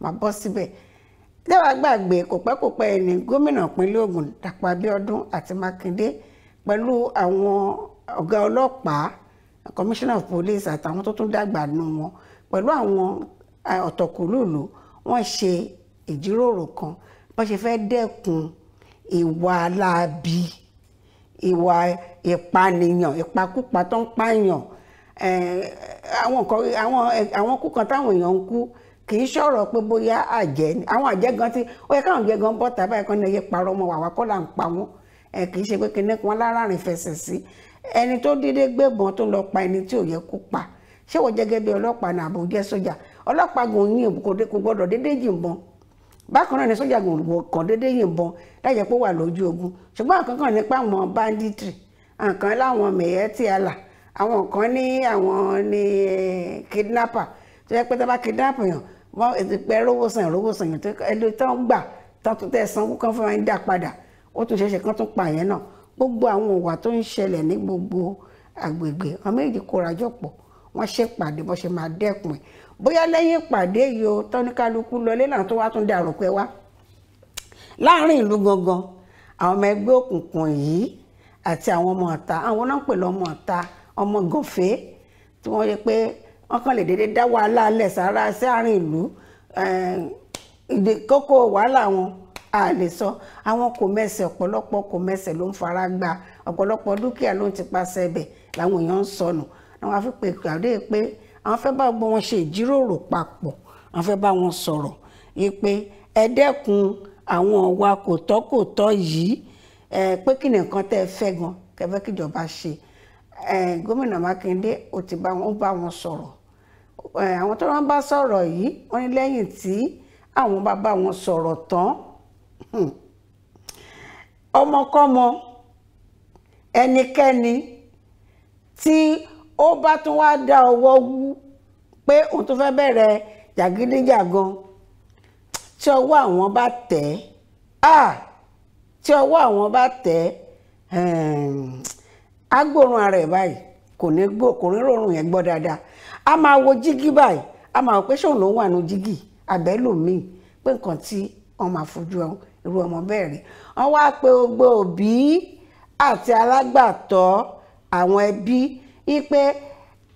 máa bọ́ síbẹ̀ dáwà gbàgbé kò pẹ́ kò pẹ́ ni gómìnà ìpínlẹ̀ Ògùn Dàpọ̀ Abíọ́dún àti Mákindé pẹ̀lú àwọn ọ̀gá ọlọ́pàá commissioner of police àtàwọn tó tún dàgbà nù wọn pẹ̀lú àwọn ọ̀tọ̀kùlùlù wọ́n ṣe ìjíròrò kan bọ́n ṣe fẹ́ dẹ́kun ìwà láabi ìwà ìpànìyàn ìpakúpa tó ń pààyàn Eh, àwọn kan àwọn àwọn kú kan táwọn èèyàn ń kú kì í ṣọ̀rọ̀ pé bóyá àjẹ́ ni àwọn àjẹ́ gan ti ó yẹ káwọn jẹ́ gan bọ́ta báyìí kan ní ẹyẹ parọ́ ọmọ wàwá kọ́ là ń pa wọ́n kì í ṣe pé kíní kan láràárín fẹsẹ̀ sí ẹni tó dédé gbébọn tó lọ pa ẹni tí ò yẹ kó pa ṣé wọ́n jẹ́ gẹ́gẹ́ bí ọlọ́pàá ní àbújá sójà ọlọ́pàá gùn ní òkòdé kò gbọ́dọ̀ dédé yìnbọn bákan náà ni sójà gùn kàn dédé yìnbọn láyẹ̀ pé wà lójú ogun ṣùgbọ́n àkọ́kàn nípa àwọn banditry àǹkan láwọn mẹ̀yẹ́ tí a là àwọn kan ní àwọn ní eh, kidnapper tó yẹ pé tó bá kidnap yàn wọ́n ètò pẹ́ rówó sàn rówó sàn yàn tó ẹlò tó ń gbà tó tẹ̀ sanwó kan fún wa ń dá padà ó tún ṣẹ̀ṣẹ̀ kan tún pa yẹn náà gbogbo àwọn ìwà tó ń ṣẹlẹ̀ ní gbogbo agbègbè àwọn méjì kóra jọ pọ̀ wọ́n ṣèpàdé bó ṣe máa dẹ́kun ẹ̀ bóyá lẹ́yìn ìpàdé yìí o tọ́níkálukú lọlé náà tó wá tún dàrú pé wá láàrin ìlú gangan àwọn ọmọ ẹgbẹ́ òkùnkùn yìí àti àwọn ọmọ ọ̀tá àwọn náà pè lọ́mọ ọ̀tá ọmọ gànfẹ́ tí wọ́n yẹ pé wọ́n kàn lè dédé dá wàhálà alẹ̀ sára sí àárín ìlú ìdè kókó wàhálà wọn a lè sọ àwọn kò mẹsẹ̀ ọ̀pọ̀lọpọ̀ kò mẹsẹ̀ ló ń fara gba ọ̀pọ̀lọpọ̀ dúkìá ló ń ti paṣẹ ibẹ̀ làwọn èèyàn ń sọnù àwọn afipè kàdé pé àwọn fẹ́ bá gbọ́ wọn ṣe ìjíròrò papọ̀ àwọn fẹ́ bá wọn sọ̀rọ̀ yìí pé ẹ dẹ́kun àwọn ọ̀wà kò tọ́ kò tọ́ yìí pé kí nìkan tẹ́ ẹ fẹ́ gan kẹfẹ́ kíjọba ṣe gómìnà Mákindé ó ti bá wọn bá wọn sọ̀rọ̀ àwọn tó wọn bá sọ̀rọ̀ yìí wọ́n ní lẹ́yìn tí àwọn bá bá wọn sọ̀rọ̀ tán ọmọkọ́mọ ẹnikẹ́ni tí ó bá tún wá dá ọwọ́ wú pé òun tó fẹ́ bẹ̀rẹ̀ jàgídíjàgan tí ọwọ́ àwọn bá tẹ̀ ẹ́ ah, tí ọwọ́ àwọn bá tẹ̀ ẹ́ á gbóòórùn ara ẹ̀ báyìí kò ní gbó kò ní rọrùn yẹn gbọ́ dáadáa a máa wo jígí báyìí a máa wọ pé ṣóun ló ń wà ní jígí àbẹ́lòmíì pé nǹkan tí wọ́n máa fojú irú ọmọ bẹ́ẹ̀ rí wọ́n wá pé gbogbo òbí àti alágbàtọ́ àwọn ẹbí wípé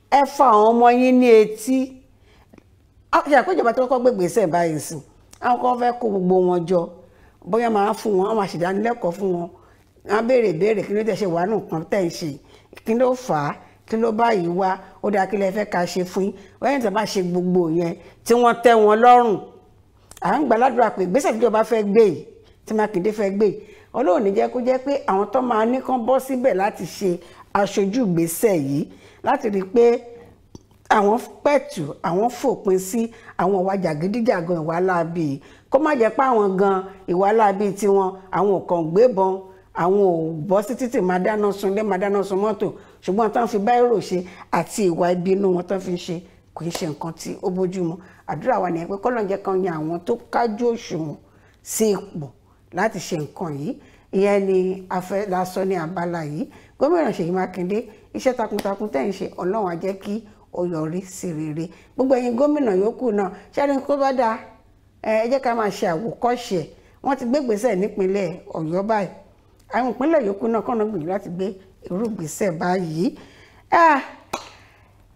ẹ fa àwọn ọmọ yín ní etí ìjọba tó kọ́kọ́ gbégbèsè báyìí sìn àwọn kan fẹ́ kó gbogbo wọn jọ bóyá máa fún wọn àwọn àṣìdánilẹ́kọ̀ọ́ fún wọn wọ́n béèrè béèrè kí ló tẹ̀ ṣe wà nù kan tẹ̀ ń ṣe kí ló fà á kí ló báyìí wá ó dáa kí lẹ fẹ́ ká ṣe fún yín wẹ́yìn tó bá ṣe gbogbo yẹn tí wọ́n tẹ́ wọn lọ́rùn à ń gbàládùra pé ìgbésẹ̀ tíjọba fẹ́ gbé yìí tí Mákindé fẹ́ gbé yìí Ọlọ́run ní jẹ́ kó jẹ́ pé àwọn tó máa ní kán bọ́ síbẹ̀ láti ṣe aṣojú ìgbésẹ̀ yìí láti rí i pé àwọn pẹ̀tù àwọn fòpin sí àwọn ìwà jàgídíjàgan ìwà láabi kó má jẹ́ pé àwọn gan ìwà láabi tiwọn àwọn kan gbébọn àwọn ò bọ́ sí títì máa dáná sun ilé máa dáná sun mọ́tò ṣùgbọ́n tán fi báírò ṣe àti ìwà ibi inú wọn tán fi ń ṣe kò ń ṣe nǹkan tí ó bójúmu àdúrà wa nìyẹn pé kọ́lọ́n jẹ́ kan yan àwọn tó kájú òṣùwọ̀n sí ipò láti ṣe nǹkan yìí ìyẹn ni a fẹ́ la sọ ní abala yìí gómìnà Ṣèyí Mákindé iṣẹ́ takuntakun tẹ̀ ń ṣe ọlọ́run á jẹ́ kí ó yọrí sí rere gbogbo ẹ̀yin gómìnà yòókù náà ṣẹ́ni kó bá dáa ẹ jẹ́ ká máa ṣe àwòkọ́ṣe wọ́n ti gbégbèsè nípínlẹ̀ Ọ̀yọ́ báyìí àwọn ìpínlẹ̀ yòókù náà kọ́nà gbìyànjú láti gbé irúgbìnsẹ̀ báyìí.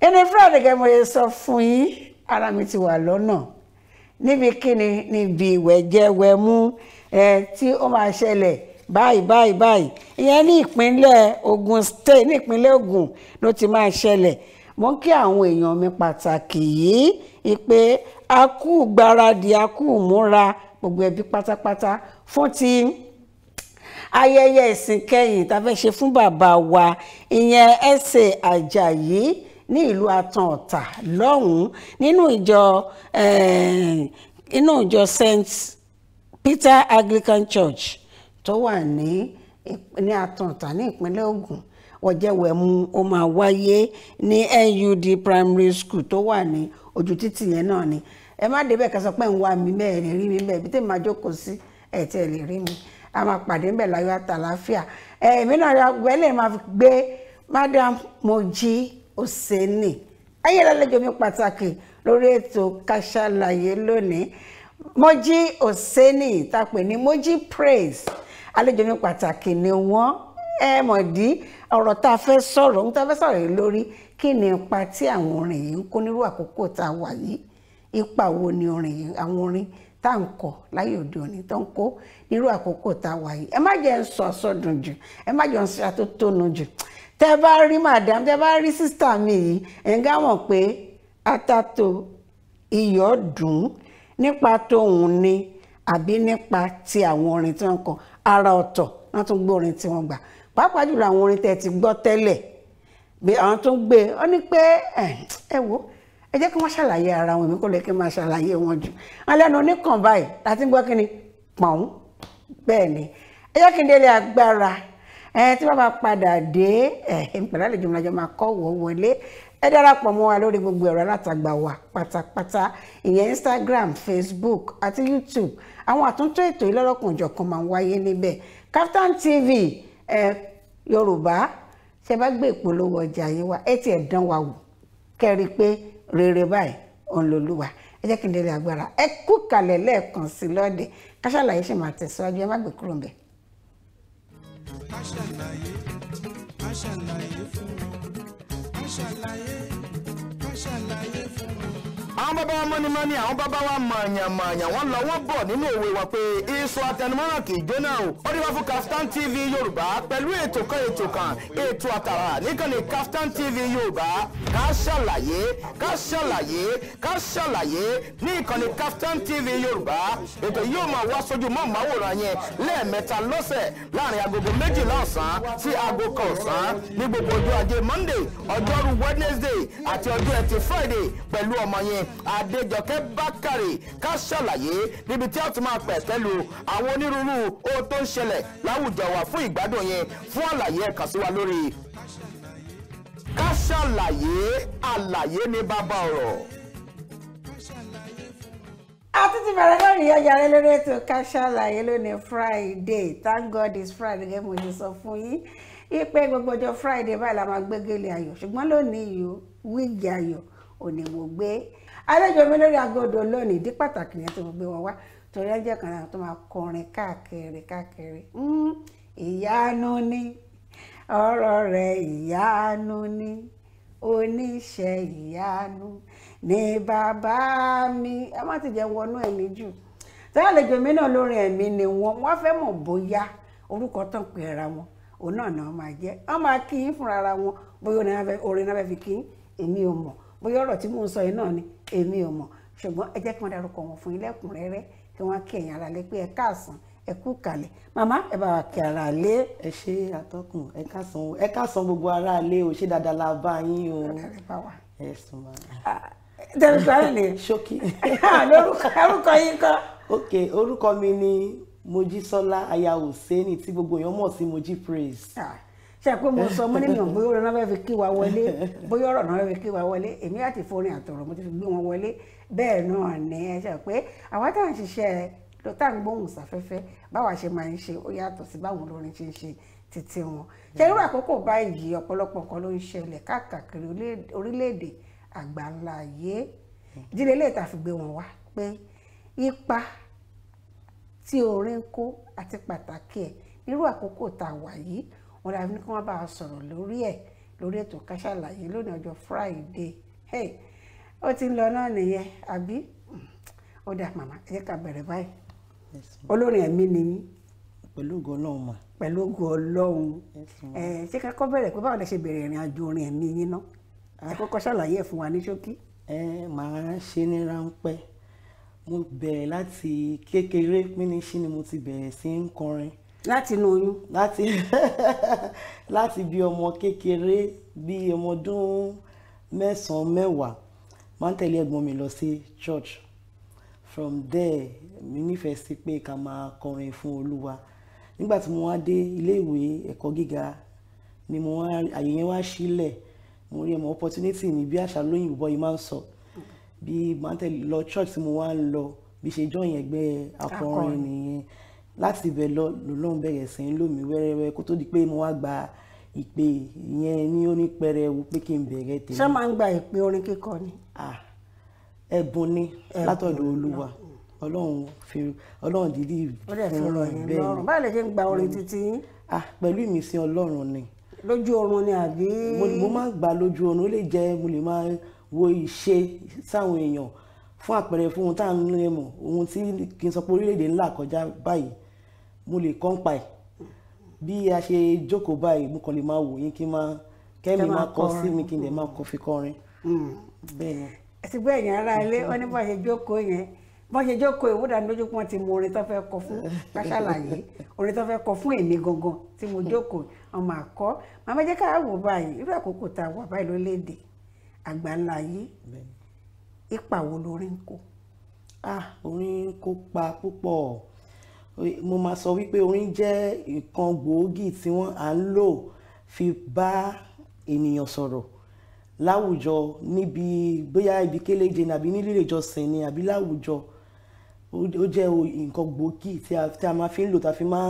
ẹni fúlàdì gẹ́gẹ́ yẹn sọ fún yín ara mi ti wà lọ́nà níbi kíni níbi ìwẹ̀jẹwẹ̀mú ẹ tí ó máa ṣẹlẹ̀ báyìí báyìí báyìí ìyẹn ní ìpínlẹ̀ Ògùn state ní ìpínlẹ̀ Ògùn ló ti máa ṣẹlẹ̀ mo ń kí àwọn èèyàn mi pàtàkì yìí ìpè a kú gbáradì a kú múra gbogbo ẹbí pátápátá fún ti ayẹyẹ ìsìn kẹyìn tá a fẹ́ ṣe fún bàbá wa ìyẹn ẹsẹ̀ Àjàyí ní ìlú Àtàn lọ́hùn-ún nínú ìjọ eh, inú ìjọ St Peter Anglican Church tó wà ní ní Àtàn Ọ̀tà ní ìpínlẹ̀ Ògùn ọ̀jẹ̀wẹ̀mu ó máa wáyé ní NUD Primary School tó wà ní ojú títì yẹn náà ni ẹ má débẹ̀ ká sọ pé ń wá mi bẹ́ẹ̀ rí mi bẹ́ẹ̀ bí tèmi máa jókòó sí ẹ̀ tí lè rí mi a máa pàdé ńbẹ̀ láyọ̀ àtàláfíà èmi náà rí agbẹ́ lè máa gbé madam Mojí Oseni ẹ̀yẹ́ lálejò mi pàtàkì lórí ètò Ká Sálàyé lónìí Mojí Oseni tá a pè ní Mojí Praise àlejò mi pàtàkì ni wọ́n ẹ mọ̀ dí ọ̀rọ̀ tá a fẹ́ sọ̀rọ̀ ohun tá a fẹ́ sọ̀rọ̀ yìí lórí kí ni ipa tí àwọn orin yìí ń kó nírú àkókò tá a wà yìí ipa wo ni orin yìí àwọn orin tá à ń kọ láyé òde òní tó ń kó irú àkókò tá a wà yìí ẹ má jẹ́ ń sọ àsọdùn jù ẹ má jẹ́ ń sọ àtótónu jù tẹ́ bá rí madam tẹ́ bá rí sísítà mi yìí ẹ̀ ń gáwọn pé atato iyọ̀ dùn nípa tóun ni àbí nípa ti àwọn orin tí wọ́n kọ ara ọ̀tọ̀ wọ́n tún gbé orin tí wọ́n gbà pàápàá jùlọ àwọn orin tẹ́ ti gbọ́ tẹ́lẹ̀ bí àwọn tún gbé ọ ní pé ẹ wo ẹ jẹ́ kí wọ́n ṣàlàyé ara wọn èmi kò lè kí n máa ṣàlàyé wọn jù alẹ́ nu oníkàn báyìí láti gbọ́ kí ni pọ̀n bẹ́ẹ̀ ni ẹ jẹ́ kí n délé agbára ẹ tí bá máa padà dé ẹ ìpínlẹ̀ àlejò ìrìnàjò máa kọ́ wọ́ wọlé ẹ darapọ̀ mọ́ wa lórí gbogbo ẹ̀rọ alátagbà wa pátápátá ìyẹn Instagram Facebook àti YouTube àwọn àtúntò ètò ìlọ́lọ́kùnjọ̀kan máa ń wáyé níbẹ̀ Captain TV ẹ Yorùbá ṣe bá gbé ìpolówó ọjà yín wá ẹ tiẹ̀ dán wa wò kẹ́rí pé rere báyìí òun lolúwa ẹ jẹ́ kí n délé agbára ẹ kú kalẹ̀ lẹ́ẹ̀kan sí lọ́dẹ Ká Sálàyé máa tẹ̀síwájú ẹ má gbé kúrò ńbẹ̀.
Ká Sálàyé, Ká Sálàyé fún wọn, Ká Sálàyé bàbá wa mọ́nimọ́ni àwọn bàbá wa mààyàn mààyàn wọ́n lọ wọ́n bọ̀ nínú òwe wa pé èso àtẹnumọ́ràn kì í jóná o. ó dé wá fún Kaftan TV Yorùbá pẹ̀lú ètò kan ètò kan ètò àtàrà níkànnì Kaftan TV Yorùbá ká ṣàlàyé ká ṣàlàyé ká ṣàlàyé ní ìkànnì Kaftan TV Yorùbá ètò yóò máa wá sójú mọ́ màwòrán yẹn lẹ́ẹ̀mẹ́ta lọ́sẹ̀ láàrin agogo méjìlá ọ̀sán sí aago kan ọ̀sán ní gbogbo ọjọ́ ajé Monday ọjọ́rú Wednesday àti ọjọ́ ẹtì Friday pẹ̀lú ọmọ yẹn adéjọkẹ́ bákàrè ká ṣàlàyé níbi tí a tún máa pẹ̀ pẹ̀lú àwọn onírúurú ohun tó ń ṣẹlẹ̀ láwùjọ wa fún ìgbádùn yẹn fún àlàyé ẹ sí wa lórí ká ṣàlàyé àlàyé ní bàbá ọ̀rọ̀.
a tún ti bẹ̀rẹ̀ lórí ọjàre lórí ètò ká ṣàlàyé lónìí friday thank god it's friday gẹ́gẹ́ mo ṣe sọ fún yín ipe gbogbo ọjọ́ friday báyìí la máa gbégélé ayọ̀ ṣùgbọ́n lónìí yìí wíìgì ayọ̀ ò mo gbé. àlejò mi lórí agodo lónìí ìdí pàtàkì yẹn tó gbé wọn wá torí ẹ jẹ́ kan náà tó máa kọrin káàkiri káàkiri hmm, ìyanu ni ọrọ rẹ̀ ìyanu ni oníṣẹ́ ìyanu ni bàbá mi ẹ má ti wọnú jù ni wọn wọn fẹ mọ bóyá orúkọ tán ara wọn òun náà náà máa jẹ máa kí í fúnra ara wọn bóyá orin náà fi kí èmi ò tí mò sọ yìí náà èmi ò mọ̀ ṣùgbọ́n ẹ jẹ́ kí wọ́n darúkọ wọn fún yín lẹ́kùnrẹ́rẹ́ kí wọ́n kí ẹ̀yin alalẹ́ pé ẹ káàsán ẹ kú kalẹ̀ màmá ẹ bá wa kí ara lé. ẹ ṣe àtọkùn ẹ káàsán ẹ káàsán gbogbo
ara lé o ṣé dáadáa la bá yín o. ẹ sùn máa. tẹlifíṣàn lè ṣókí. orúkọ ah, yín kọ́. ok orúkọ mi ni
Mojísọ́lá aya Hussein tí gbogbo èèyàn mọ̀ sí Moji Praise. Ah ṣe pé mo sọ mo ní mi ò bóyá ọ̀rọ̀ náà fẹ́ fi kí wa wọlé bóyá ọ̀rọ̀ náà fẹ́ fi kí wa wọlé èmi àti forin àtọ̀rọ̀ mo ti fi gbé wọn wọlé bẹ́ẹ̀ náà ni ẹ ṣe pé àwa tá à ń ṣiṣẹ́ tá à ń gbóhùn sáfẹ́fẹ́ báwa ṣe máa ń ṣe ó yàtọ̀ sí báwọn olórin ṣe ń ṣe títí wọn ṣe irú àkókò báyìí ọ̀pọ̀lọpọ̀ nǹkan ló ń ṣẹlẹ̀ káàkiri orílẹ̀ ipa tí orin ń kó àti pàtàkì ẹ̀ wọn dàbí kí wọ́n bá a sọ̀rọ̀ lórí ẹ̀ lórí ètò Ká lónìí ọjọ́ Friday hey ó ti ń lọ náà nìyẹn àbí ó dà màmá ẹ ká bẹ̀rẹ̀ báyìí olórin ẹ̀mí ni yín. pẹ̀lú ògo ọlọ́run mà. pẹ̀lú ògo ọlọ́run ẹ ṣé ká kọ́ bẹ̀rẹ̀ pé báwo lẹ ṣe bẹ̀rẹ̀ ìrìn àjò orin ẹ̀mí yín ná ah. ẹ kọ́kọ́ ṣàlàyé ẹ̀ fún wa ní ṣókí. ẹ máa
ṣe ní ráńpẹ́ mo bẹ̀rẹ̀ láti kékeré mí ní ṣí ni mo ti bẹ̀rẹ̀ sí ń kọrin láti inú oyún. láti láti bí ọmọ kékeré bí ọmọ ọdún mẹ́sàn-án máa ń tẹ̀lé ẹ̀gbọ́n mi lọ sí church from there mi nífẹ̀ẹ́ sí pé ká máa kọrin fún olúwa nígbà tí mo wá dé iléèwé ẹ̀kọ́ gíga ni mo wá àyè yẹn wá sílẹ̀ mo rí ẹ̀mọ́ opportunity ní bí àṣà lóyìnbó yìí máa ń sọ bí máa ń tẹ̀lé lọ church tí mo wá ń lọ bí ṣe jọyìn ẹgbẹ́ akọrin nìyẹn láti ibẹ̀ lọ lọ́lọ́run bẹ̀rẹ̀ sí ń lò mí wẹ́rẹ́wẹ́ kó tó di pé mo wá gba ìpè ìyẹn ní onípẹrẹwu pé kí n bẹ̀rẹ̀ tèmi. ṣé
máa ń gba ìpè orin kíkọ ni.
ẹ̀bùn ni látọ̀dọ̀ olúwa ọlọ́run fi ọlọ́run dídí fún un bẹ́ẹ̀ ni. báyìí lè ṣe ń gba orin títí. pẹ̀lú ìmísí ọlọ́run ni. lójú oorun ni àbí. mo máa ń gbà lójú oorun ó lè jẹ́ mo lè máa wo ìṣe sáwọn èèyàn fún àpẹẹrẹ fún ohun tá à ń lè mọ̀ ohun tí kì í sọ pé orílẹ̀-èdè ńlá kọjá báyìí mo lè kọ́ ń pa ẹ̀ bí a ṣe jókòó báyìí mo kàn lè máa wò yín kí n máa kẹ́mi máa kọ́ sí mi kí n lè máa kọ́ fi kọrin hmm. ni.
ẹ ti gbọ́ ẹ̀yìn ara ilé wọ́n ní bá ṣe jókòó yẹn bá ṣe jókòó ìwúdà lójú pọ́n ti mọ orin tó fẹ́ kọ fún káṣàlàyé orin tó fẹ́ kọ fún èmi gangan tí mo jókòó ọmọ àkọ́ màmá jẹ́ ká wò báyìí irú àkókò tá a wà báyìí lórílẹ̀‐èdè àgbáńlá yìí ipa wo lórí ń kó.
ah orin kópa púpọ̀ mo máa sọ wípé orin jẹ́ nǹkan gbòógì tí wọ́n à ń lò fi bá ènìyàn sọ̀rọ̀ láwùjọ níbi bóyá ibi kéléje àbí nílé ìjọsìn ni àbí láwùjọ ó jẹ́ nǹkan gbòógì tí a máa fi ń lò tá a fi máa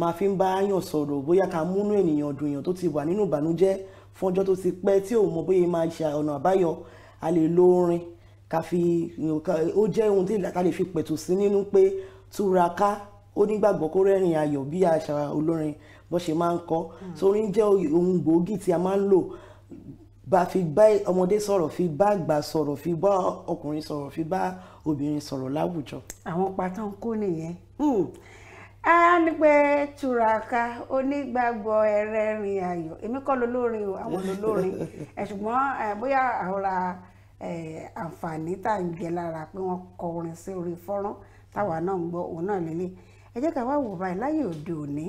máa fi ń bá yàn sọ̀rọ̀ bóyá ká múnú ènìyàn dùn yàn tó ti wà nínú ìbànújẹ́ fún ọjọ́ tó ti pẹ́ tí ò mọ bóyá e máa ṣe ọ̀nà àbáyọ a lè lo orin ká fi ó jẹ́ ohun tí a lè fi pẹ̀tù sí nínú pé túraká ó nígbàgbọ́ kó rẹ́rìn ayọ̀ bí àṣà olórin bó ṣe máa ń kọ hmm. sorin jẹ́ ohun gbòógì tí a máa ń lò bá fi bá ọmọdé sọ̀rọ̀ fi bá àgbà sọ̀rọ̀ fi bá ọkùnrin sọ̀rọ̀ fi bá obìnrin sọ̀rọ̀ láwùjọ. àwọn
pátán kó nìyẹn hmm. a ní pé túraká onígbàgbọ́ ẹrẹ́rìn ayọ̀ èmi kọ́ lolórin o àwọn lolórin ẹ̀ ṣùgbọ́n bóyá àwòrà àǹfààní tá à ń jẹ lára pé wọ́n kọ orin sí orí fọ́nrán táwa náà ń gbọ́ òun náà lélẹ̀ ẹ jẹ́ ká wá wò báyìí láyé òde òní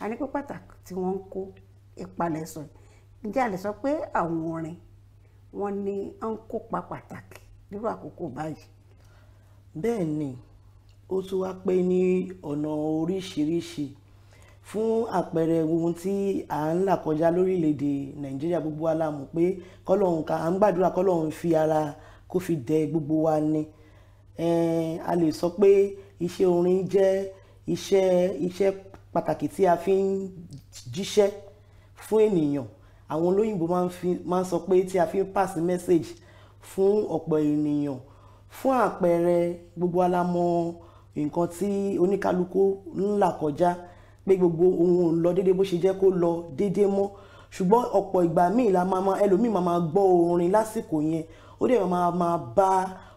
a ní pé pàtàkì tí wọ́n ń kó ìpalẹ̀sọ̀ ǹjẹ́ a lè sọ pé àwọn orin wọn ni ó ń kópa pàtàkì nírú àkókò báyìí. bẹ́ẹ̀ ni ó tún wá pé ní ọ̀nà
oríṣiríṣi fún àpẹẹrẹ ohun tí à ń là kọjá lórílẹ̀‐èdè nàìjíríà gbogbo wa la pé kọ́lọ́hún ká à ń gbàdúrà kọ́lọ́hún fi ara kó fi dẹ gbogbo wa ni a lè sọ pé iṣẹ́ orin jẹ́ iṣẹ́ iṣẹ́ pàtàkì tí a fi ń jíṣẹ́ fún ènìyàn àwọn olóyìnbó máa ń sọ pé tí a fi ń pass message fún ọ̀pọ̀ ènìyàn fún àpẹẹrẹ gbogbo alamọ nǹkan tí oníkálukú ń là kọjá pé gbogbo ohun ò lọ déédéé bó ṣe jẹ́ kó lọ déédéé mọ́ ṣùgbọ́n ọ̀pọ̀ ìgbà míì la máa ẹlòmíì máa gbọ́ orin lásìkò yẹn ó dẹ̀ máa máa bá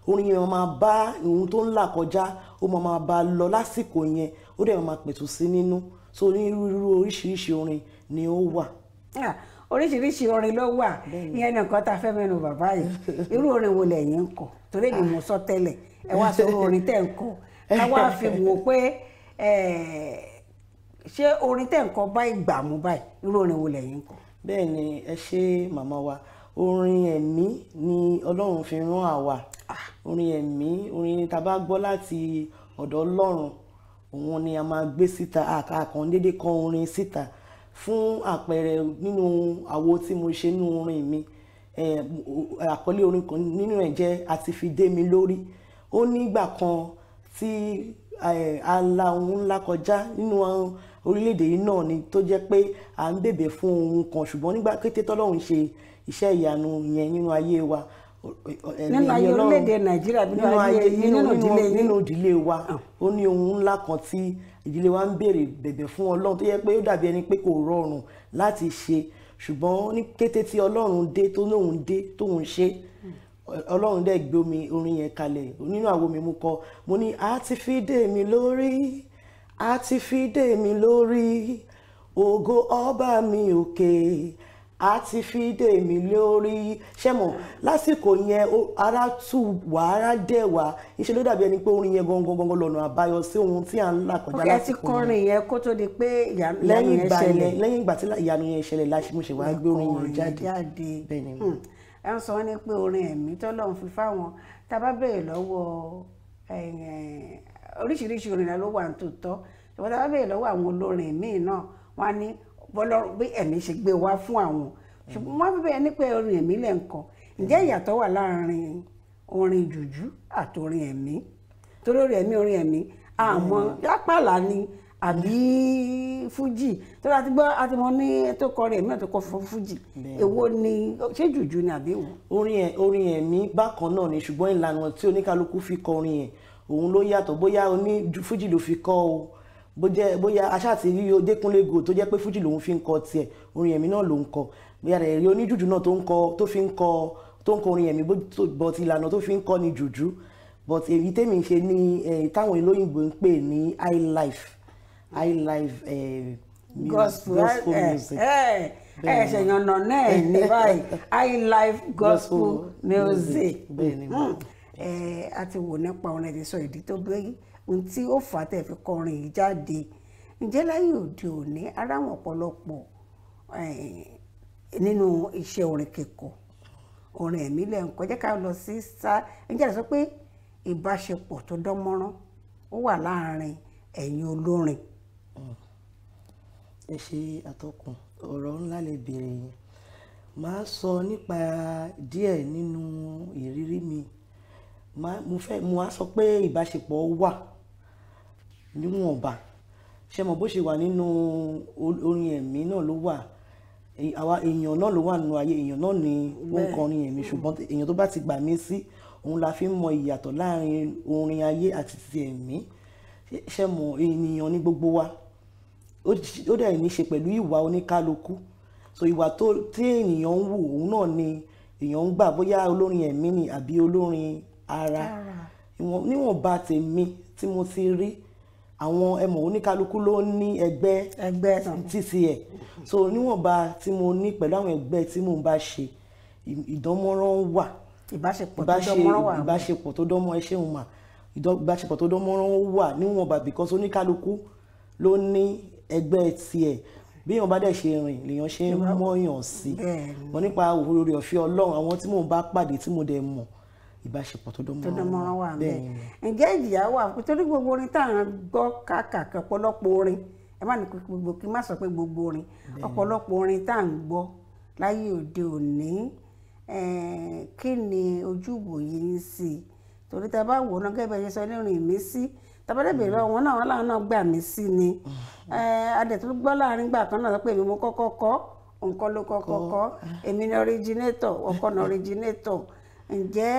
orin yẹn máa bá ohun tó ń là kọjá ó máa máa bá lọ lásìkò yẹn ó dẹ̀ máa
pẹ̀tù sí nínú so onírúurú oríṣiríṣi orin ni ó wà. oríṣiríṣi orin ló wà ìyẹn nìkan tá a fẹ́ mẹ́nu bàbá yìí irú orin wo lẹ̀yin ń kọ torí èmi mo sọ tẹ́lẹ̀ ẹ wá sọ orin tẹ̀ ń kọ ká wá fi wò pé ṣé orin tẹ̀ ń kọ báyìí gbà mú báyìí irú orin wo lẹ̀yin ń kọ. bẹ́ẹ̀
ẹ ṣe màmá wa orin ẹ̀mí ni ọlọ́run fi rán àwa orin ẹ̀mí orin tá bá gbọ́ láti ọ̀dọ̀ ọlọ́run òun ni a máa gbé síta àkàkàn dédé kọ orin síta fún àpẹẹrẹ nínú àwo tí mo ṣe nínú orin mi àkọlé orin kan nínú ẹ̀ jẹ́ àti fi dé mi lórí ó nígbà kan tí ala òun ńlá kọjá nínú orílẹ̀-èdè yìí náà ni tó jẹ́ pé à ń bèbè fún ohun kan ṣùgbọ́n nígbà kété tọ́lọ́run ṣe iṣẹ́ ìyanu yẹn nínú ayé wa nínú ayé orílẹ̀-èdè
nàìjíríà nínú ayé nínú
ìdílé wa ah. ó ní ohun ńlá kan tí ìdílé wa ń béèrè bẹ̀bẹ̀ fún ọlọ́run tó yẹ pé ó dàbí ẹni pé kò rọrùn láti ṣe ṣùgbọ́n ní kété tí ọlọ́run dé tó lóun dé tóun ṣe ọlọ́run dẹ̀ gbé omi orin yẹn kalẹ̀ nínú àwo mi mú kọ mo ní a ti fi dé mi lórí a ti fi dé mi lórí ògo ọba mi òkè. Okay a ti fi dé mi lórí ṣẹ́mọ̀ lásìkò yẹn ara tù wá ara dẹ̀ wá iṣẹ́ ló dàbí ẹni pé orin yẹn gangan gangan lọ́nà àbáyọ sí ohun tí à ń là kọjá lásìkò yẹn. ó ti kọrin
yẹn kó tó di pé ìyanu yẹn ṣẹlẹ̀ lẹ́yìn
ìgbà tí ìyanu yẹn ṣẹlẹ̀ la mo ṣe wá gbé orin yẹn
jáde ni. Hmm. ẹ ń sọ ní pé orin ẹ̀mí tọ́lọ́run fi fáwọn tá a bá béèrè lọ́wọ́ eh, eh, oríṣiríṣi orin ló wà ní tòótọ́ ṣùgbọ́n wọ́n ní bọ́lọ́run bí ẹ̀mí ṣe gbé wá fún àwọn ṣùgbọ́n wọ́n bẹ̀rẹ̀ nípa orin ẹ̀mí lẹ́ǹkan ǹjẹ́ ìyàtọ̀ wà láàrin orin jùjú àti orin ẹ̀mí torí orin ẹ̀mí orin ẹ̀mí àmọ́ lápàlà ni àbí fújì torí àti gbọ́ àti mọ ní tó kọrin ẹ̀mí àti kọ fún fújì èwo ni ṣé jùjú ni àbí wò. orin ẹ̀mí bákan náà ni ṣùgbọ́n ìlànà tí
oníkálukú fi kọrin ẹ̀ òun ló yàtọ̀ bóyá oní fújì ló fi kọ o bójẹ́ bóyá aṣáàtì rí o Dékúnlé Gold tó jẹ́ pé fújì lòun fi ń kọ tiẹ̀ orin ẹ̀mí náà ló ń kọ bóyá rẹ̀ rí oníjùjú náà tó ń kọ tó fi ń kọ tó ń kọ orin ẹ̀mí but ìlànà tó fi ń kọ ni jùjú but èyí tèmi ṣe ní eh, táwọn olóyìnbó ń pè ní high life
high life eh, gospel eh, music ẹ ṣe yànnà náà ẹ ní báyìí high life gospel music ẹ hmm. a ti wò nípa ọ̀nà ìdí sọ ìdí tó bẹ́ẹ̀ ohun tí ó fà á tẹ̀ fi kọrin yìí jáde ǹjẹ́ láyé òde òní ara àwọn ọ̀pọ̀lọpọ̀ nínú iṣẹ́ orin kíkọ orin ẹ̀mí lẹ́ǹkọ jẹ́ ká lọ sí sá ǹjẹ́ àti sọ pé ìbáṣepọ̀ tó dánmọ́rán ó wà láàárín ẹ̀yin olórin. ẹ ṣe àtọkùn ọ̀rọ̀ ńlá lè béèrè yẹn
màá sọ nípa díẹ̀ nínú ìrírí mi mo fẹ́ mo á sọ pé ìbáṣepọ̀ wà níwọ̀nba ṣe mọ̀ bó ṣe wà nínú orin ẹ̀mí náà ló wà àwa èèyàn náà ló wà nínú ayé èèyàn náà ni ó ń kọrin ẹ̀mí ṣùgbọ́n èèyàn tó bá ti gbà mí sí òun la fi ń mọ ìyàtọ̀ láàrin orin ayé àti ti ẹ̀mí ṣe mọ̀ ènìyàn ní gbogbo wa ó dẹ̀ ní ṣe pẹ̀lú ìwà oníkálukú so ìwà tí ènìyàn ń wù òun náà ni èèyàn ń gbà bóyá olórin ẹ̀mí ni àbí olórin ara níwọ̀nba tèmi tí mo ti rí àwọn ẹmọ oníkálukú ló ní ẹgbẹ́ ẹgbẹ́ títí ẹ̀ so níwọ̀nba tí mo ní pẹ̀lú àwọn ẹgbẹ́ tí mo ń bá ṣe ìdánmọ́rán wà ìbáṣepọ̀ tó dánmọ́rán wà ìbáṣepọ̀ tó dánmọ́ ẹ ṣeun mà ìbáṣepọ̀ tó dánmọ́rán wà níwọ̀nba because oníkálukú ló ní ẹgbẹ́ tiẹ̀ bí èèyàn bá dẹ̀ ṣe rìn lèèyàn ṣe ń mọ̀yàn sí wọn nípa òwúrò rẹ̀ ọ̀fẹ́ ọlọ́run àwọn tí mò ń bá pàdé tí mo dẹ̀ mọ̀ ìbáṣepọ̀ tó dánmọ́ràn wà bẹ́ẹ̀
ǹjẹ́ ìjìyà wà torí gbogbo orin tá à ń gbọ́ káàkiri ọ̀pọ̀lọpọ̀ orin ẹ má ní gbogbo kí n má sọ pé gbogbo orin ọ̀pọ̀lọpọ̀ orin tá à ń gbọ́ láyé òde òní kí ni ojúbò yìí ń sí i torí tá a bá wò ó náà gẹ́gẹ́ bí ẹ ṣe sọ nínú ìmísí tabalẹ́bẹ̀ lọ wọn náà wọn làwọn náà gbà mí sí ni adẹ̀tú gbọ́ láàrin gbà kan náà pé mo kọ́kọ́ kọ́ nǹkan ló kọ́kọ́ kọ́ èmi ni originator ọkọ ni originator ǹjẹ́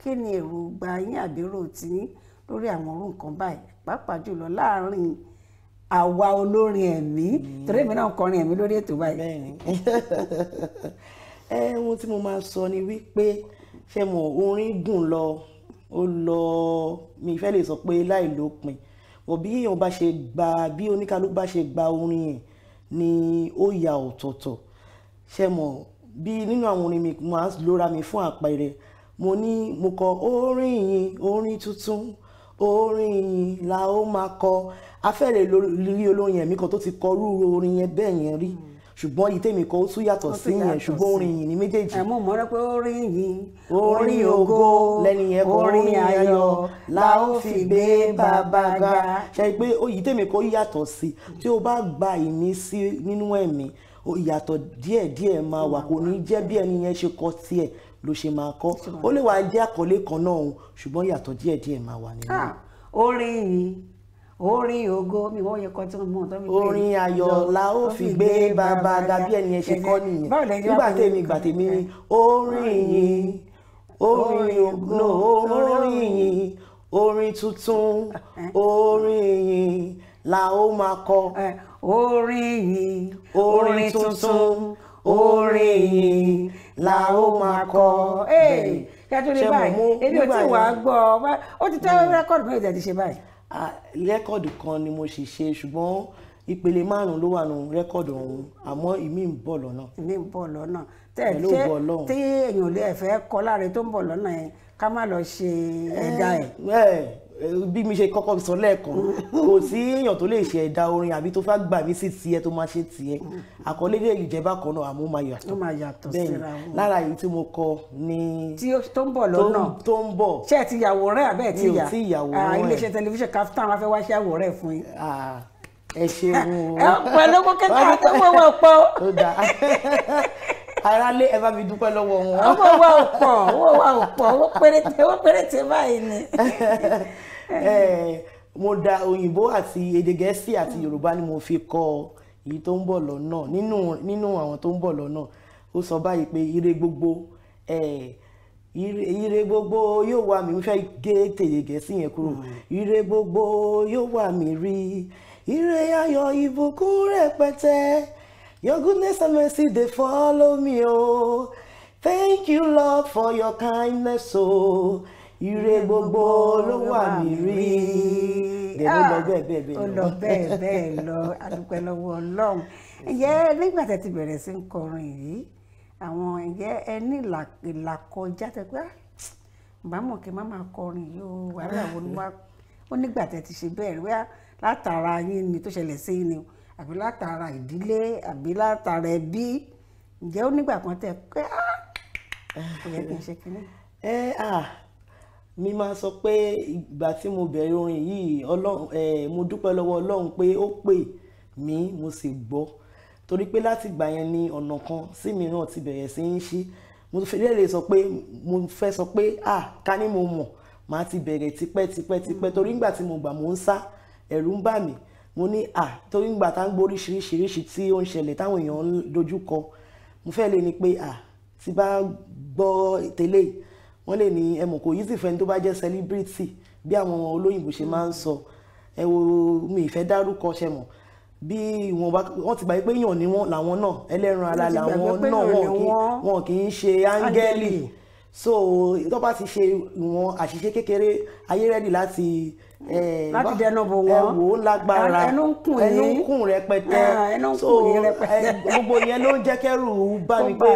kí ni èròǹgbà yín àbérò tiyín lórí àwọn orú nǹkan báyìí pàápàá jùlọ láàárín àwa olórin ẹ̀mí mm. torí èmi náà kọrin ẹ̀mí lórí ètò báyìí. bẹ́ẹ̀ni ẹ ohun tí mo máa sọ ni wípé ṣe mọ orin gùn lọ
ó lọ mi fẹ́ lè sọ pé láì lópin wọ́n bí èèyàn bá ṣe gba bí oníkálukú bá ṣe gba orin yẹn ni ó ya ọ̀tọ̀ọ̀tọ̀ ṣe mọ̀ bí nínú àwọn orin mi máa ń lóra mi fún àpẹẹrẹ mo ní mo kọ orin yìí orin tuntun orin yìí la ó máa kọ afẹ́rẹ́ rí olórin ẹ̀mí kan tó ti kọ rú orin yẹn bẹ́ẹ̀ yẹn rí ṣùgbọ́n yìí tèmi kọ́ ó tún yàtọ̀ sí yẹn ṣùgbọ́n orin yìí ni méjèèjì. ẹ̀mú mo rẹ
pé orin yìí
orin ògo lẹ́ni yẹn kọ́ orin ayọ̀ la ó fi gbé bàbá ga ṣe pé yìí tèmi kọ́ yàtọ̀ sí tí o bá gba ìmísí nínú ẹ̀mí ìyàtọ̀ díẹ̀díẹ̀ máa wà kò ní jẹ́ bí ẹni yẹn ṣe kọ tiẹ̀ ló ṣe máa kọ ó lè wá jẹ́ àkọlé kan náà òun ṣùgbọ́n ìyàtọ̀ díẹ̀díẹ̀ máa wà nínú.
Ah, orin yìí orin ògo mi wọ́n yẹ kọ́ tí mo mọ̀ tó mi. orin ayọ̀ la ó fi gbé bàbá ga bí ẹni yẹn ṣe kọ́
nìyẹn nígbà tèmi ìgbà tèmi ni orin yìí
orin ògo
orin yìí orin tuntun eh, eh. orin yìí
la ó máa kọ. Eh, orin yìí orin tuntun orin yìí la ó máa kọ kẹtùrí báyìí èmi ò tí wà á gbọ́ ó ti tẹ́wọ́ hmm. rẹ́kọ̀dù mẹ́rin tẹ̀sí ṣe báyìí. rẹ́kọ̀dù kan ni mo sì ṣe ṣùgbọ́n ìpele márùn ló wà nù rẹ́kọ̀dù ọ̀hún àmọ́ ìmí ń bọ̀ lọ́nà. ìmí ń bọ̀ lọ́nà tẹ ṣe tí èèyàn lè fẹ́ kọ láre tó ń bọ̀ lọ́nà yẹn ká má lọ ṣe ẹ̀dá ẹ̀. Eh, eh, bí mi ṣe kọ́kọ́ sọ lẹ́ẹ̀kan kò sí èèyàn
tó lè ṣe ẹ̀dá orin àbí tó fẹ́ gbà mí sí tiẹ̀ tó máa ṣe tiẹ̀ àkọlé lè jẹ́ bákan náà àmọ́ máa
yàtọ̀ bẹ́ẹ̀ lára
èyí tí mo kọ ní. tí tó ń bọ̀ lọ́nà
tó ń bọ̀. ṣé ẹ ti yàwòrán àbẹ́ ẹ ti yà mi ò tí yàwòrán ẹ iléeṣẹ́ tẹlifíṣàn Kaftan wá fẹ́ wá ṣe àwòrán ẹ fún yín ẹ ṣeun o. ẹ pẹ̀lú kókẹ́kẹ́ àti owó ọ̀pọ̀
aráalé ẹ bá mi dúpẹ́ lọ́wọ́ wọn. owó wa ò pọ̀ owó wa ò pọ̀ owó péréte owó
péréte báyìí ni.
mo da òyìnbó àti èdè gẹ̀ẹ́sì àti yorùbá ni mo fi kọ èyí tó ń bọ̀ lọ́nà nínú àwọn tó ń bọ̀ lọ́nà ó sọ báyìí pé ire gbogbo ire gbogbo yóò wá mi mo fẹ́ gé tèdè gẹ̀ẹ́sì yẹn kúrò hmm. ire gbogbo yóò wá mi rí ire ayọ̀ ìbùkún rẹpẹtẹ Your goodness and mercy, they follow me, oh. Thank you, Lord, for your kindness, oh.
Ire gbogbo ló wà mí rí. Dèbó lọ ah, bẹ́ẹ̀ bẹ́ẹ̀ bẹ́ẹ̀ lọ. Ó lọ bẹ́ẹ̀ bẹ́ẹ̀ lọ, adúpẹ́ lọ́wọ́ Ọlọ́run. Ǹjẹ́ nígbà tẹ́ ti bẹ̀rẹ̀ sí ń kọrin yìí, àwọn ǹjẹ́ ẹ ní ìlàkọjá tẹ pé bàmọ̀ ah, kí n má máa kọrin yìí o, wàhálà wo ni wá. Ó nígbà tẹ́ ti ṣe bẹ́ẹ̀ rí wá látara yín ni tó ṣẹlẹ̀ sí yín ni o àbí látara ìdílé àbí látara ẹbí ǹjẹ́ ó nígbà kan tẹ pé kò yẹ kí n ṣe kínní. ẹ à
mi máa sọ pé ìgbà tí mo bẹ̀rẹ̀ orin yìí mo dúpẹ́ lọ́wọ́ ọlọ́run pé ó pè mí mo sì gbọ́ torí pé láti ìgbà yẹn ni ọ̀nà kan sí mìíràn ti bẹ̀rẹ̀ sí í ṣí mo fẹ́ lè sọ pé mo fẹ́ sọ pé à ká ní mo mọ̀ màá ti bẹ̀rẹ̀ tipẹ́tipẹ́tipẹ́ torí nígbà tí mo gbà mo ń sá ẹ̀rù ń bà mí mo ní à torí ń gbà tá ń gbọ́ oríṣiríṣiríṣi tí ó ń ṣẹlẹ̀ táwọn èèyàn ń dojú kọ mo fẹ́ lè ní pé à tí bá gbọ́ tẹ́lẹ̀ wọ́n lè ní ẹmọ̀ kò easy fẹ́ni tó bá jẹ́ celebrity bí àwọn olóyìnbó ṣe máa ń sọ ẹ wo mi ìfẹ́ dárúkọ ṣe mọ̀ bí wọn bá wọn ti gbà pé èèyàn ni wọn làwọn náà ẹlẹ́ran ara làwọn náà wọn kì í ṣe áńgẹ́lì so tó bá ti ṣe ìwọ̀n àṣìṣe kékeré ayé rẹ́dì láti eh, láti dẹnu bò eh, wọ́n ẹ̀wò lágbára ẹnu ń kùn yín ẹnu ń kùn rẹpẹtẹ ah, so eh, gbogbo yẹn ló ń jẹ́ kẹ́rù bá mi pé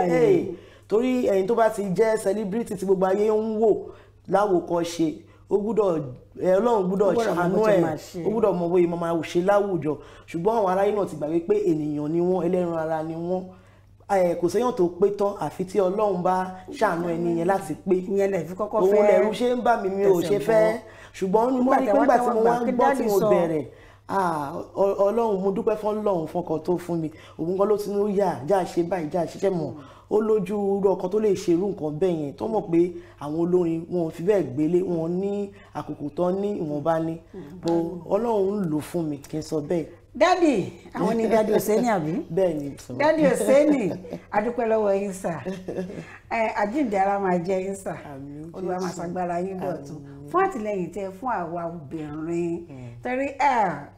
torí ẹ̀yin tó bá ti jẹ́ celebrity tí gbogbo ayé ń wò láwòkọ́ṣe ó gbúdọ̀ ọlọ́run gbúdọ̀ ṣàánú ẹ̀ ó gbúdọ̀ mọ bóyá máa ṣe láwùjọ ṣùgbọ́n àwọn aráyé náà ti gbàgbé pé ènìyàn ni wọ́n ẹlẹ́ran ara ni wọ́n Eh, kò séyàn tó pé tán àfi tí ọlọ́run bá ṣàánú ẹni yẹn láti pé ìyẹn lè fi kọ́kọ́ fẹ́ òun lẹ̀rú ṣe ń bà mí mi ò ṣe fẹ́ ṣùgbọ́n mo rí pé nígbà tí mo wá ń gbọ́ tí mo bẹ̀rẹ̀ ọlọ́run mo dúpẹ́ fún ọlọ́run fọkàn tó fún mi òun kan ló ti ní yà já ṣe báyìí já ṣiṣẹ́ mọ̀ ó lójú irú ọkọ tó lè ṣe irú nǹkan bẹ́ẹ̀ yẹn tó mọ̀ pé àwọn olórin wọn fi bẹ́ẹ̀ gbélé wọn ní àkókò tán ní ìwọ̀nba ní
mm.
ọlọ́run ń lò fún mi kí n sọ
bẹ́ẹ̀ dádì àwọn ni dádì oseni àbí dádì oseni adúpẹ́ lọ́wọ́ yín sà àjíǹde ara máa jẹ́ yín sà olúwa máa ṣàgbára yín fún àtìlẹyìn tẹ fún àwa obìnrin torí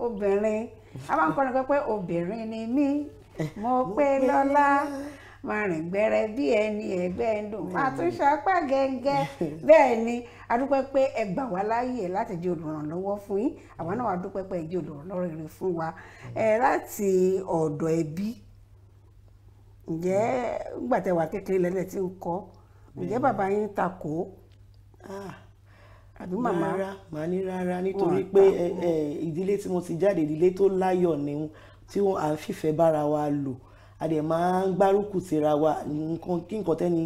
obìnrin a máa ń kọ́ni pé obìnrin ni mí mo pé lọ́lá máa rìn gbẹrẹ bí ẹni ẹgbẹ́ ẹ̀dùn máa tún ṣapá gẹ́gẹ́ bẹ́ẹ̀ ni a dúpẹ́ pé ẹ gbà wá láàyè láti jẹ́ olùrànlọ́wọ́ fún yín àwa náà wá dúpẹ́ pé ẹ jẹ́ olùrànlọ́wọ́ rere fún wa ẹ láti ọ̀dọ̀ ẹbí ǹjẹ́ gbàtẹ́wà kékeré lẹ́lẹ̀ tí ń kọ́ ǹjẹ́ bàbá yín takò àbí màmá rárá
màá ní rárá nítorí pé ìdílé tí mo ti jáde ìdílé tó láyọ̀ ni tí à ń fìfẹ́ bára wa lò a dẹ̀ máa ń gbárùkù tira wa nǹkan kí nǹkan tẹ́ni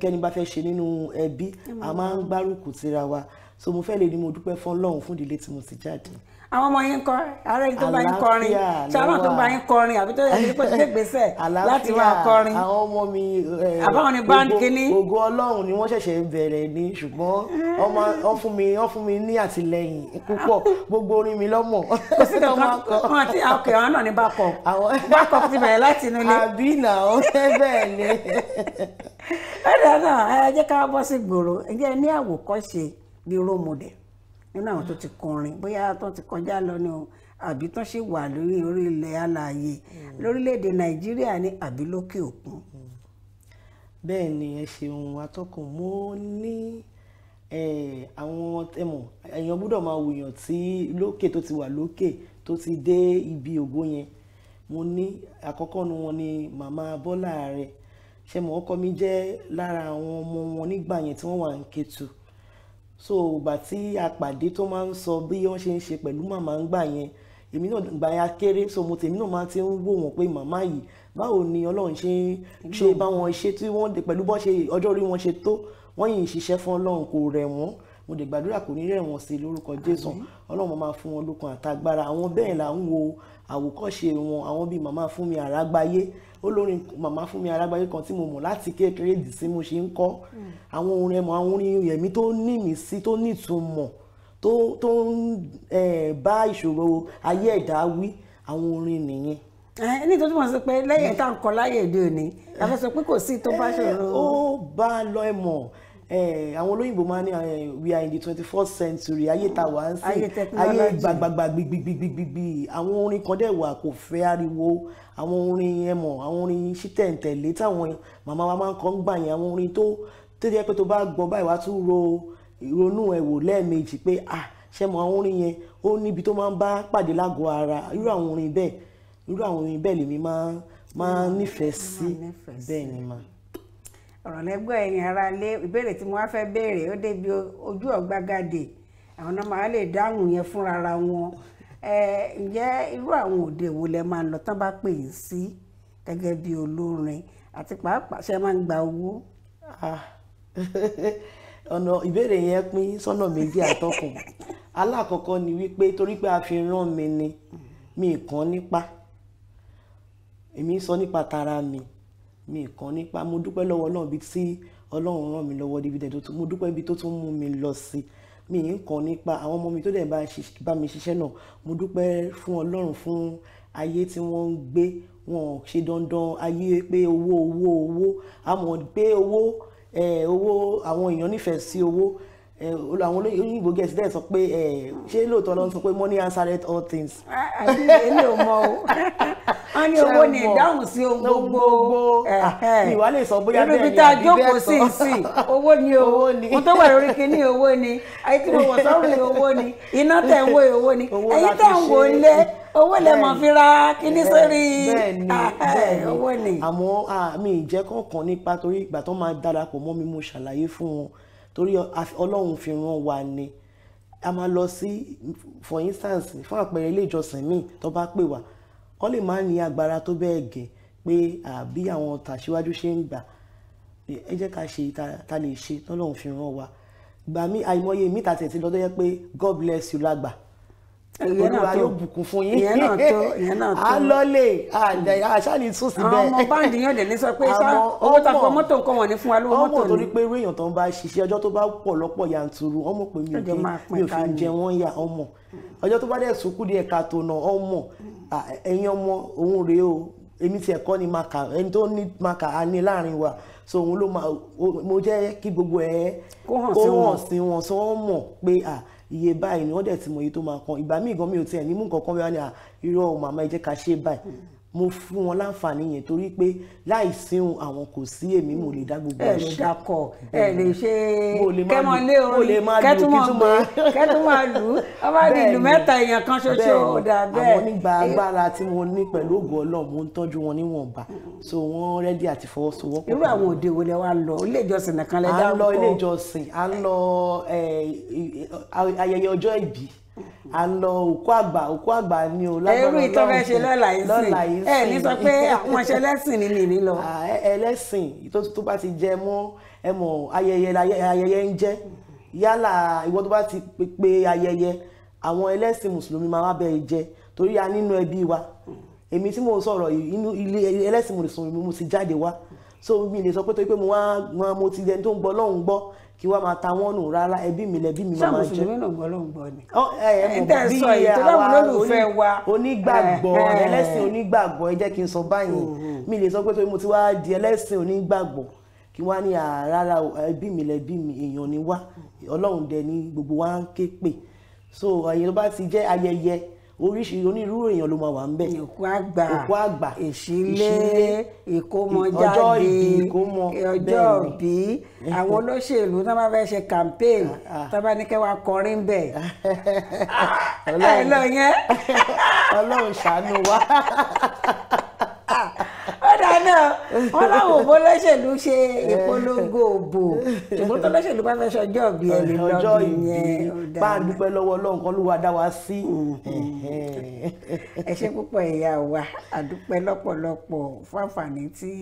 kẹ́ni bá fẹ́ ṣe nínú ẹbí a máa ń gbárùkù tira wa so mo fẹ́ lè ní mo dúpẹ́ fún Ọlọ́run fún ìdílé tí mo ti jáde
àwọn ọmọ yín kọ ara ẹni tó bá yín kọrin ṣáwọn tó bá yín kọrin àbí tó yẹ kó ṣe gbèsè láti máa kọrin àwọn ọmọ mi eh, àbáwọn ni báńkì
kínní. ògo ọlọ́run ni wọ́n ṣẹ̀ṣẹ̀ bẹ̀rẹ̀ ni ṣùgbọ́n wọ́n fún mi wọ́n fún mi ní àtìlẹ́yìn púpọ̀ gbogbo orin mi lọ́mọ̀.
kò sí kankan wọn àti ọkẹ ah, àwọn náà ní bákọ bákọ ti bẹ̀rẹ̀ láti inú ilé. àbí nà ó fẹ́ bẹ́ẹ̀ ni. ẹ dáná ẹ jẹ́ ká bọ́ sí gbòòrò ẹ jẹ́ ní àwòkọ́ṣe bíi role model nínú àwọn tó ti kọrin bóyá tó ti kọjá lọ ni o àbí tó ṣì wà lórí orílẹ̀ alààyè hmm. lórílẹ̀‐èdè nàìjíríà ní àbí lókè òkun. Hmm. bẹ́ẹ̀ ni ẹ ṣeun atọ́kùn mo ní
àwọn ẹmọ èèyàn gbọ́dọ̀ máa wòyàn tí lókè tó ti wà lókè tó ti dé ibi ògo yẹn mo ní àkọ́kọ́ nu wọn ni màmá Bọ́lá Ààrẹ ṣe mọ̀ ọkọ mi jẹ́ lára àwọn ọmọ wọn nígbà yẹn tí wọ́n wà ń ketu. Mm so ìgbà tí apàdé tó máa ń sọ bí wọ́n ṣe ń ṣe pẹ̀lú màmá ń gbà yẹn èmi náà gbà yà kéré so mo tèmi náà máa ti ń wò wọ́n pé màmá yìí báwo ni ọlọ́run ṣe ń ṣe báwọn ṣe tí wọ́n dé pẹ̀lú bọ́ ṣe ọjọ́ orí wọn ṣe tó wọ́n yìí ń ṣiṣẹ́ fún ọlọ́run kò rẹ̀ wọ́n mo dẹ̀ gbàdúrà kò ní rẹ̀ wọ́n sí lórúkọ jésù ọlọ́run máa fún wọn lókun àtagbára àwọn bẹ́ẹ̀ là ń wo àwòkọ́ṣe wọn àwọn bíi màmá Fúnmi Àrágbáyé olórin màmá fún mi alágbáyé kan tí mo mọ̀ láti kékeré dì sí mo ṣe ń kọ́ àwọn orin ẹ̀mọ́ àwọn orin ẹ̀mí tó ní mi sí tó nítumọ̀ tó tó ń bá ìṣòro ayé ẹ̀dá wí àwọn orin nìyẹn ẹni tó túmọ̀ sí pé lẹ́yìn tá à ń kọ láyé èdè òní la pé kò sí tó bá ṣòro. ó bá lọ ẹ Eh, àwọn olóyìnbó máa ní eh, we are in the twenty first century ayé ta wà ń sìn ayé gbàgbàgbà gbigbigbigbigbigbi àwọn orin kan dẹ̀ wà kò fẹ́ ariwo àwọn orin ẹmọ àwọn orin ṣítẹ̀ǹtẹ̀lé táwọn màmá wa máa ń kọ́ ń gbà yẹn àwọn orin tó tó jẹ́ pé tó bá gbọ́ báyìí wá tún ro ìrònú ẹ̀ wò lẹ́ẹ̀mejì pé ah ṣe mọ àwọn orin yẹn ó níbi tó máa ń bá pàdé lágọ̀ọ́ ara
irú àwọn orin bẹ́ẹ̀ irú àwọn orin bẹ́ẹ̀ lèmi máa máa nífẹ̀ẹ́ sí bẹ́ẹ̀ ni máa. ọ̀rọ̀ lẹ́gbọ́n ẹ̀yin ara lé ìbéèrè tí mo wá fẹ́ béèrè ó débi ojú ọ̀gbagadè àwọn náà máa lè dáhùn yẹn fúnra ra wọn ǹjẹ́ irú àwọn òde wo lẹ máa ń lọ tán bá pè yín sí gẹ́gẹ́ bí olórin àti pàápàá ṣe máa ń gba owó. Ah, ọ̀nà ìbéèrè yẹn
pín sọ́nà méjì àtọkùn alákọ̀ọ́kọ́ ni wípé torí pé a fi rán mi ni mi kàn nípa èmi sọ nípa tara mi. mi kàn nípa mo dúpẹ́ lọ́wọ́ ọlọ́run bíi tí ọlọ́run ràn mí lọ́wọ́ débi tẹ̀ tó tún mo dúpẹ́ bíi tó tún mú mi lọ sí mi ń kàn nípa àwọn ọmọ mi tó dẹ̀ bá mi ṣiṣẹ́ náà mo dúpẹ́ fún ọlọ́run fún ayé tí wọ́n ń gbé wọn ò ṣe dandan ayé pé owó owó owó àmọ́ gbé owó owó àwọn èèyàn nífẹ̀ẹ́ sí owó àwọn olóyìnbó gẹ̀ẹ́sì dẹ̀ sọ pé ṣé lóòótọ́ ló ń sọ pé money answered all things. èmi ò mọ
o wọn ní owó ní ìdáhùn sí ohun gbogbo
ah, ìwà lè sọ bóyá bẹ́ẹ̀ ni àbí bẹ́ẹ̀ kọ́ irú bí tá a jókòó sí sí
owó ni o mo tó wà lórí kinní owó ni ayé tí mo wọ̀ sọ́rùn owó ni iná tẹ̀ ń wò owó ni ẹ̀yìn tẹ̀ ń wò lé owó lè mọ̀ fi ra kinní sórí ah,
eh, owó ni. àmọ́ ah, mi ì jẹ́ kọ̀ọ̀kan nípa torí ìgbà tó máa darapọ̀ mọ́ mi mo ṣàlàyé fún wọn torí ọlọ́run fi rán wa ni a máa lọ sí for instance fún àpẹẹrẹ ilé ìjọsìn míì tó bá pè wá wọ́n lè má ní agbára tó bẹ́ẹ̀ gẹ̀ pé àbí àwọn tàṣíwájú ṣe ń gbà ẹ jẹ́ ká ṣe ta lè ṣe tọ́lọ́run fi rán wa gbà mí àìmọye mi tàtẹ̀ ti lọ́dọ́ yẹ pé God bless you lágbàá olúwa yóò bùkún fún yín ìyẹn náà tó ìyẹn náà tó a lọlé àṣàlì tún síbẹ̀ àwọn ọmọ
báńdì yóò dẹ̀ ní sọ pé owó ta fọ mọ́tò nǹkan wọ̀nyí fún wa lówó mọ́tò ni. ọmọ torí
pé irú èèyàn tó ń bá ṣiṣẹ́ ọjọ́ tó bá pọ̀ lọ́pọ̀ yanturu ọmọ pé mi ò kí mi ò fi jẹ wọ́n yà ọmọ ọjọ́ tó bá dẹ̀ sùkú díẹ̀ ká tó ọmọ ẹ̀yin ọmọ òun rèé o èmi tiẹ̀ kọ́ ni maka ẹni tó ní maka a ní láàrin wa so òun ló máa mo jẹ́ kí gbogbo ẹ̀ kó hàn sí wọn sí wọn so pé ah iye báyìí ni wọ́n dẹ̀ ti mọ iye tó máa kan ìgbà míì gan mi ò tiẹ̀ ní mú nǹkan kan wíwá ni à irọ́ màmá ẹ jẹ́ ká ṣe báyìí mo fún wọn láǹfààní yẹn torí pé láì síhun àwọn kò sí èmi mo lè dá gbogbo ẹ ṣe dákọ ẹ lè ṣe kẹmọ lé kẹtùmọ kẹtùmọ
lù ọ ìlú mẹ́ta èèyàn kan ṣoṣo ò dà bẹ́ẹ̀ àwọn nígbà
agbára tí mo ní pẹ̀lú ògo Ọlọ́run mo ń tọ́jú wọn níwọ̀nba so wọn rẹ́dí àti fọwọ́sowọ́pọ̀. irú àwọn òde wo lẹ wá lọ ilé ìjọsìn nìkan lẹ dá ń kọ lọ ilé ìjọsìn à lọ ayẹyẹ ọjọ́ ìbí à ń lọ òkú àgbà òkú àgbà ni o lágbára Ọlọ́run ẹrú ìtọ́ fẹ́ ṣe lọ́la yìí sìn ẹ ní sọ pé àwọn ọṣẹ
ẹlẹ́sìn ni mi ní lọ.
ẹlẹ́sìn tó bá ti jẹ mọ́ ẹ mọ̀ ayẹyẹ ayẹyẹ ń jẹ́ yálà ìwọ tó bá ti pe ayẹyẹ àwọn ẹlẹ́sìn mùsùlùmí máa wá bẹ́ẹ̀ jẹ torí a nínú ẹbí wa èmi tí mo sọ̀rọ̀ inú ilé ẹlẹ́sìn mùsùlùmí mo ti jáde wá so mi lè sọ pé torí pé mo wá mo ti ẹni tó ń gbọ́ lọ́hùn gbọ́ kí wọ́n máa ta wọ́n nù rárá ẹbí mi lẹ́bí mi máa jẹ́. ṣé mùsùlùmí
náà gbọ́dọ̀ ń ni. ẹ ẹ ẹ jẹ́ kí n mm-hmm.
mo ti wá di ẹlẹ́sìn onígbàgbọ́ kí wọ́n á ní rárá ẹbí mi lẹ́bí mi èèyàn ni wá ọlọ́run dẹ ní gbogbo wa ń ké pè so ẹ̀yin ló bá ti jẹ́ ayẹyẹ oríṣiríṣi onírúurú
èèyàn ló máa wà ń bẹ̀. òkú àgbà òkú àgbà ìṣílé ìkómọjáde ọjọ́ ìbí ìkómọ ọjọ́ ìbí àwọn olóṣèlú tó bá fẹ́ ṣe campaign ah, ah. tó bá ní kẹ́ wá kọrin bẹ̀. ọlọ́run ṣàánú wa. wọn láwọn òbó lọ́sẹ̀lú ṣe ìpolongo òbò ṣùgbọ́n tó lọ́sẹ̀lú bá fẹ́ sọjọ́ ìbí ẹ lè
lọ bí yẹn. bá a
dúpẹ́ lọ́wọ́ ọlọ́run kan ló wá dá wa sí. ẹ ṣe púpọ̀ ìyá wa a dúpẹ́ lọ́pọ̀lọpọ̀ fún àǹfààní tí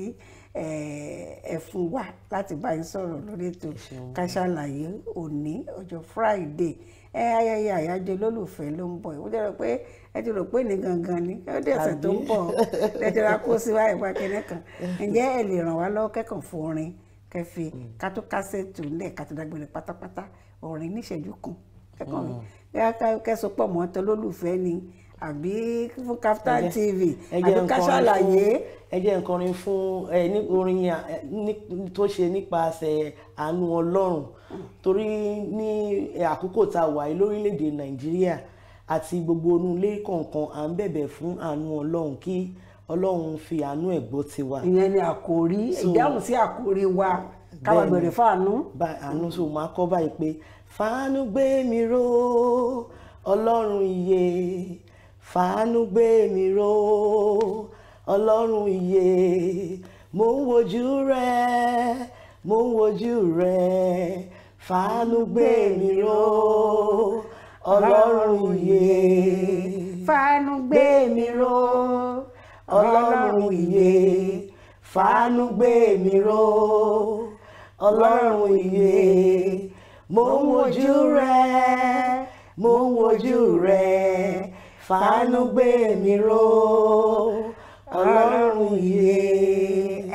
ẹ fún wa láti bá yín sọ̀rọ̀ lórí ètò Ká Sálàyé òní ọjọ́ Friday ẹ ayẹyẹ àyájọ́ olólùfẹ́ ló ń bọ̀ ó jẹ́ rẹ̀ ẹ ti rò pé ní gangan ni ó dé ọ̀sẹ̀ tó ń bọ̀ ẹ ti ra kó sí wáyé wá kẹ́nẹ́ kan ǹjẹ́ ẹ lè ràn wá lọ́wọ́ kẹ́kàn fún orin kẹfì mm. kátó kásẹ̀tù lẹ̀ kátó dágbére pátápátá orin níṣẹ́jú kan kẹ́kàn mi mm. kẹ́sọ pọ̀ mọ́ tó lólùfẹ́ ni àbí fún Kaftan TV àbí ká ṣàlàyé. ẹ jẹ́ nǹkan orin fún ẹ ní orin
tó ṣe nípasẹ̀ àánú Ọlọ́run mm. torí ní àkókò tá a wà lórílẹ̀‐èdè Nàìjíríà. Mm àti gbogbo onú ilé kọ̀ọ̀kan à ń bẹ̀bẹ̀ fún àánú ọlọ́run kí ọlọ́run fi àánú ẹ̀ gbọ́ tiwa. ìyẹn ni àkòrí ìdáhùn sí àkòrí wa káwa bẹ̀rẹ̀ fáànú. àánú tó máa kọ́ báyìí pé fàánú gbé mi ró ọlọ́run iye fàánú gbé mi ró ọlọ́run iye mò ń wojú rẹ mò ń wojú rẹ fàánú gbé mi ró ọlọ́run yè
fàánú gbé
mi ró ọlọ́run yè fàánú gbé mi ró ọlọ́run yè mo ń wojú rẹ mo ń wojú rẹ fàánú gbé mi ró ọlọ́run yè.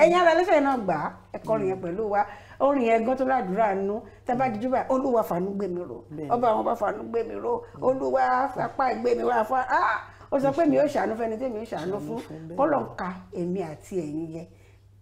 ẹ̀yin ara ẹlẹ́sẹ̀ náà gbà ẹ̀kọ́ nìyẹn pẹ̀lú wa orin ẹgán tó ládùúrà nú tábà mm. díjú báyìí olúwa fàánú gbé mi ró ọba àwọn bá fàánú gbé mi ró mm. olúwa fapá gbé mi wá fa ah! ó sọ pé mi ò ṣàánú fẹ́ni tí mi ò ṣàánú fún kọlọǹka èmi àti ẹ̀yin yẹ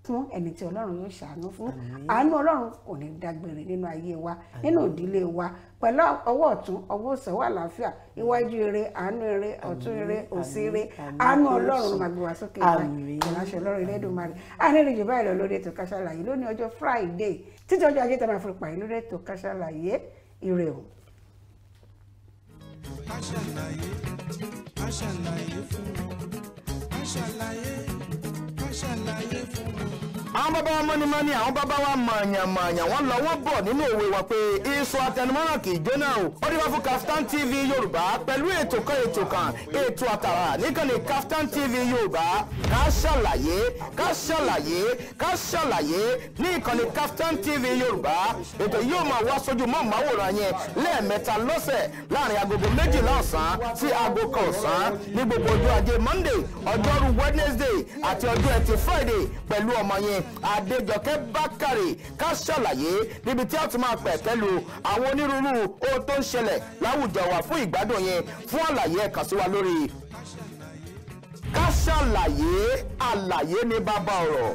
fún ẹni tí ọlọ́run yóò ṣàánú fún àánú ọlọ́run kò ní dágbére nínú ayé wa nínú ìdílé wa pẹ̀lú ọwọ́ ọ̀tún ọwọ́ òsè wà láàfíà iwájú ire àánú ire ọ̀tún ire òsì ire àánú ọlọ́run máa gbé wa sókè báyìí ìránṣẹ́ ọlọ́run Elédùmarè àárín ìjọba ìlọ lórí ètò Ká lónìí ọjọ́ Friday títí ọjọ́ ajé tẹ̀lé àfọlùpà yìí lórí ètò Ká ire
o. Ká ṣàlàyé ká ṣàlàyé àwọn bàbá wa mọ́nímọ́ní àwọn bàbá wa mọ̀nyàmọ̀nyà wọ́n lọ wọ́n bọ̀ nínú òwe wa pé iṣu àtẹnumọ́ràn kì í jóná o. ó dé wá fún Kaftan TV Yorùbá pẹ̀lú ètò kan ètò kan ètò àtàrà níkànnì Kaftan TV Yorùbá ká ṣàlàyé ká ṣàlàyé ká ṣàlàyé ní ìkànnì Kaftan TV Yorùbá ètò yóò máa wá sójú mọ́ màwòrán yẹn lẹ́ẹ̀mẹ́ta lọ́sẹ̀ láàrin agogo méjìlá ọ̀sán sí aago kan ọ̀sán ní gbogbo ọjọ́ ajé Monday ọjọ́rú Wednesday àti ọjọ́ ẹtì Friday pẹ̀lú ọmọ yẹn Adéjọkẹ́ Bákàrè ká ṣàlàyé níbi tí a ti máa pẹ̀ kẹ́lu àwọn onírúurú ohun tó ń ṣẹlẹ̀ láwùjọ wa fún ìgbádùn yẹn fún àlàyé ẹ sí wa lórí ká ṣàlàyé àlàyé ní bàbá ọ̀rọ̀.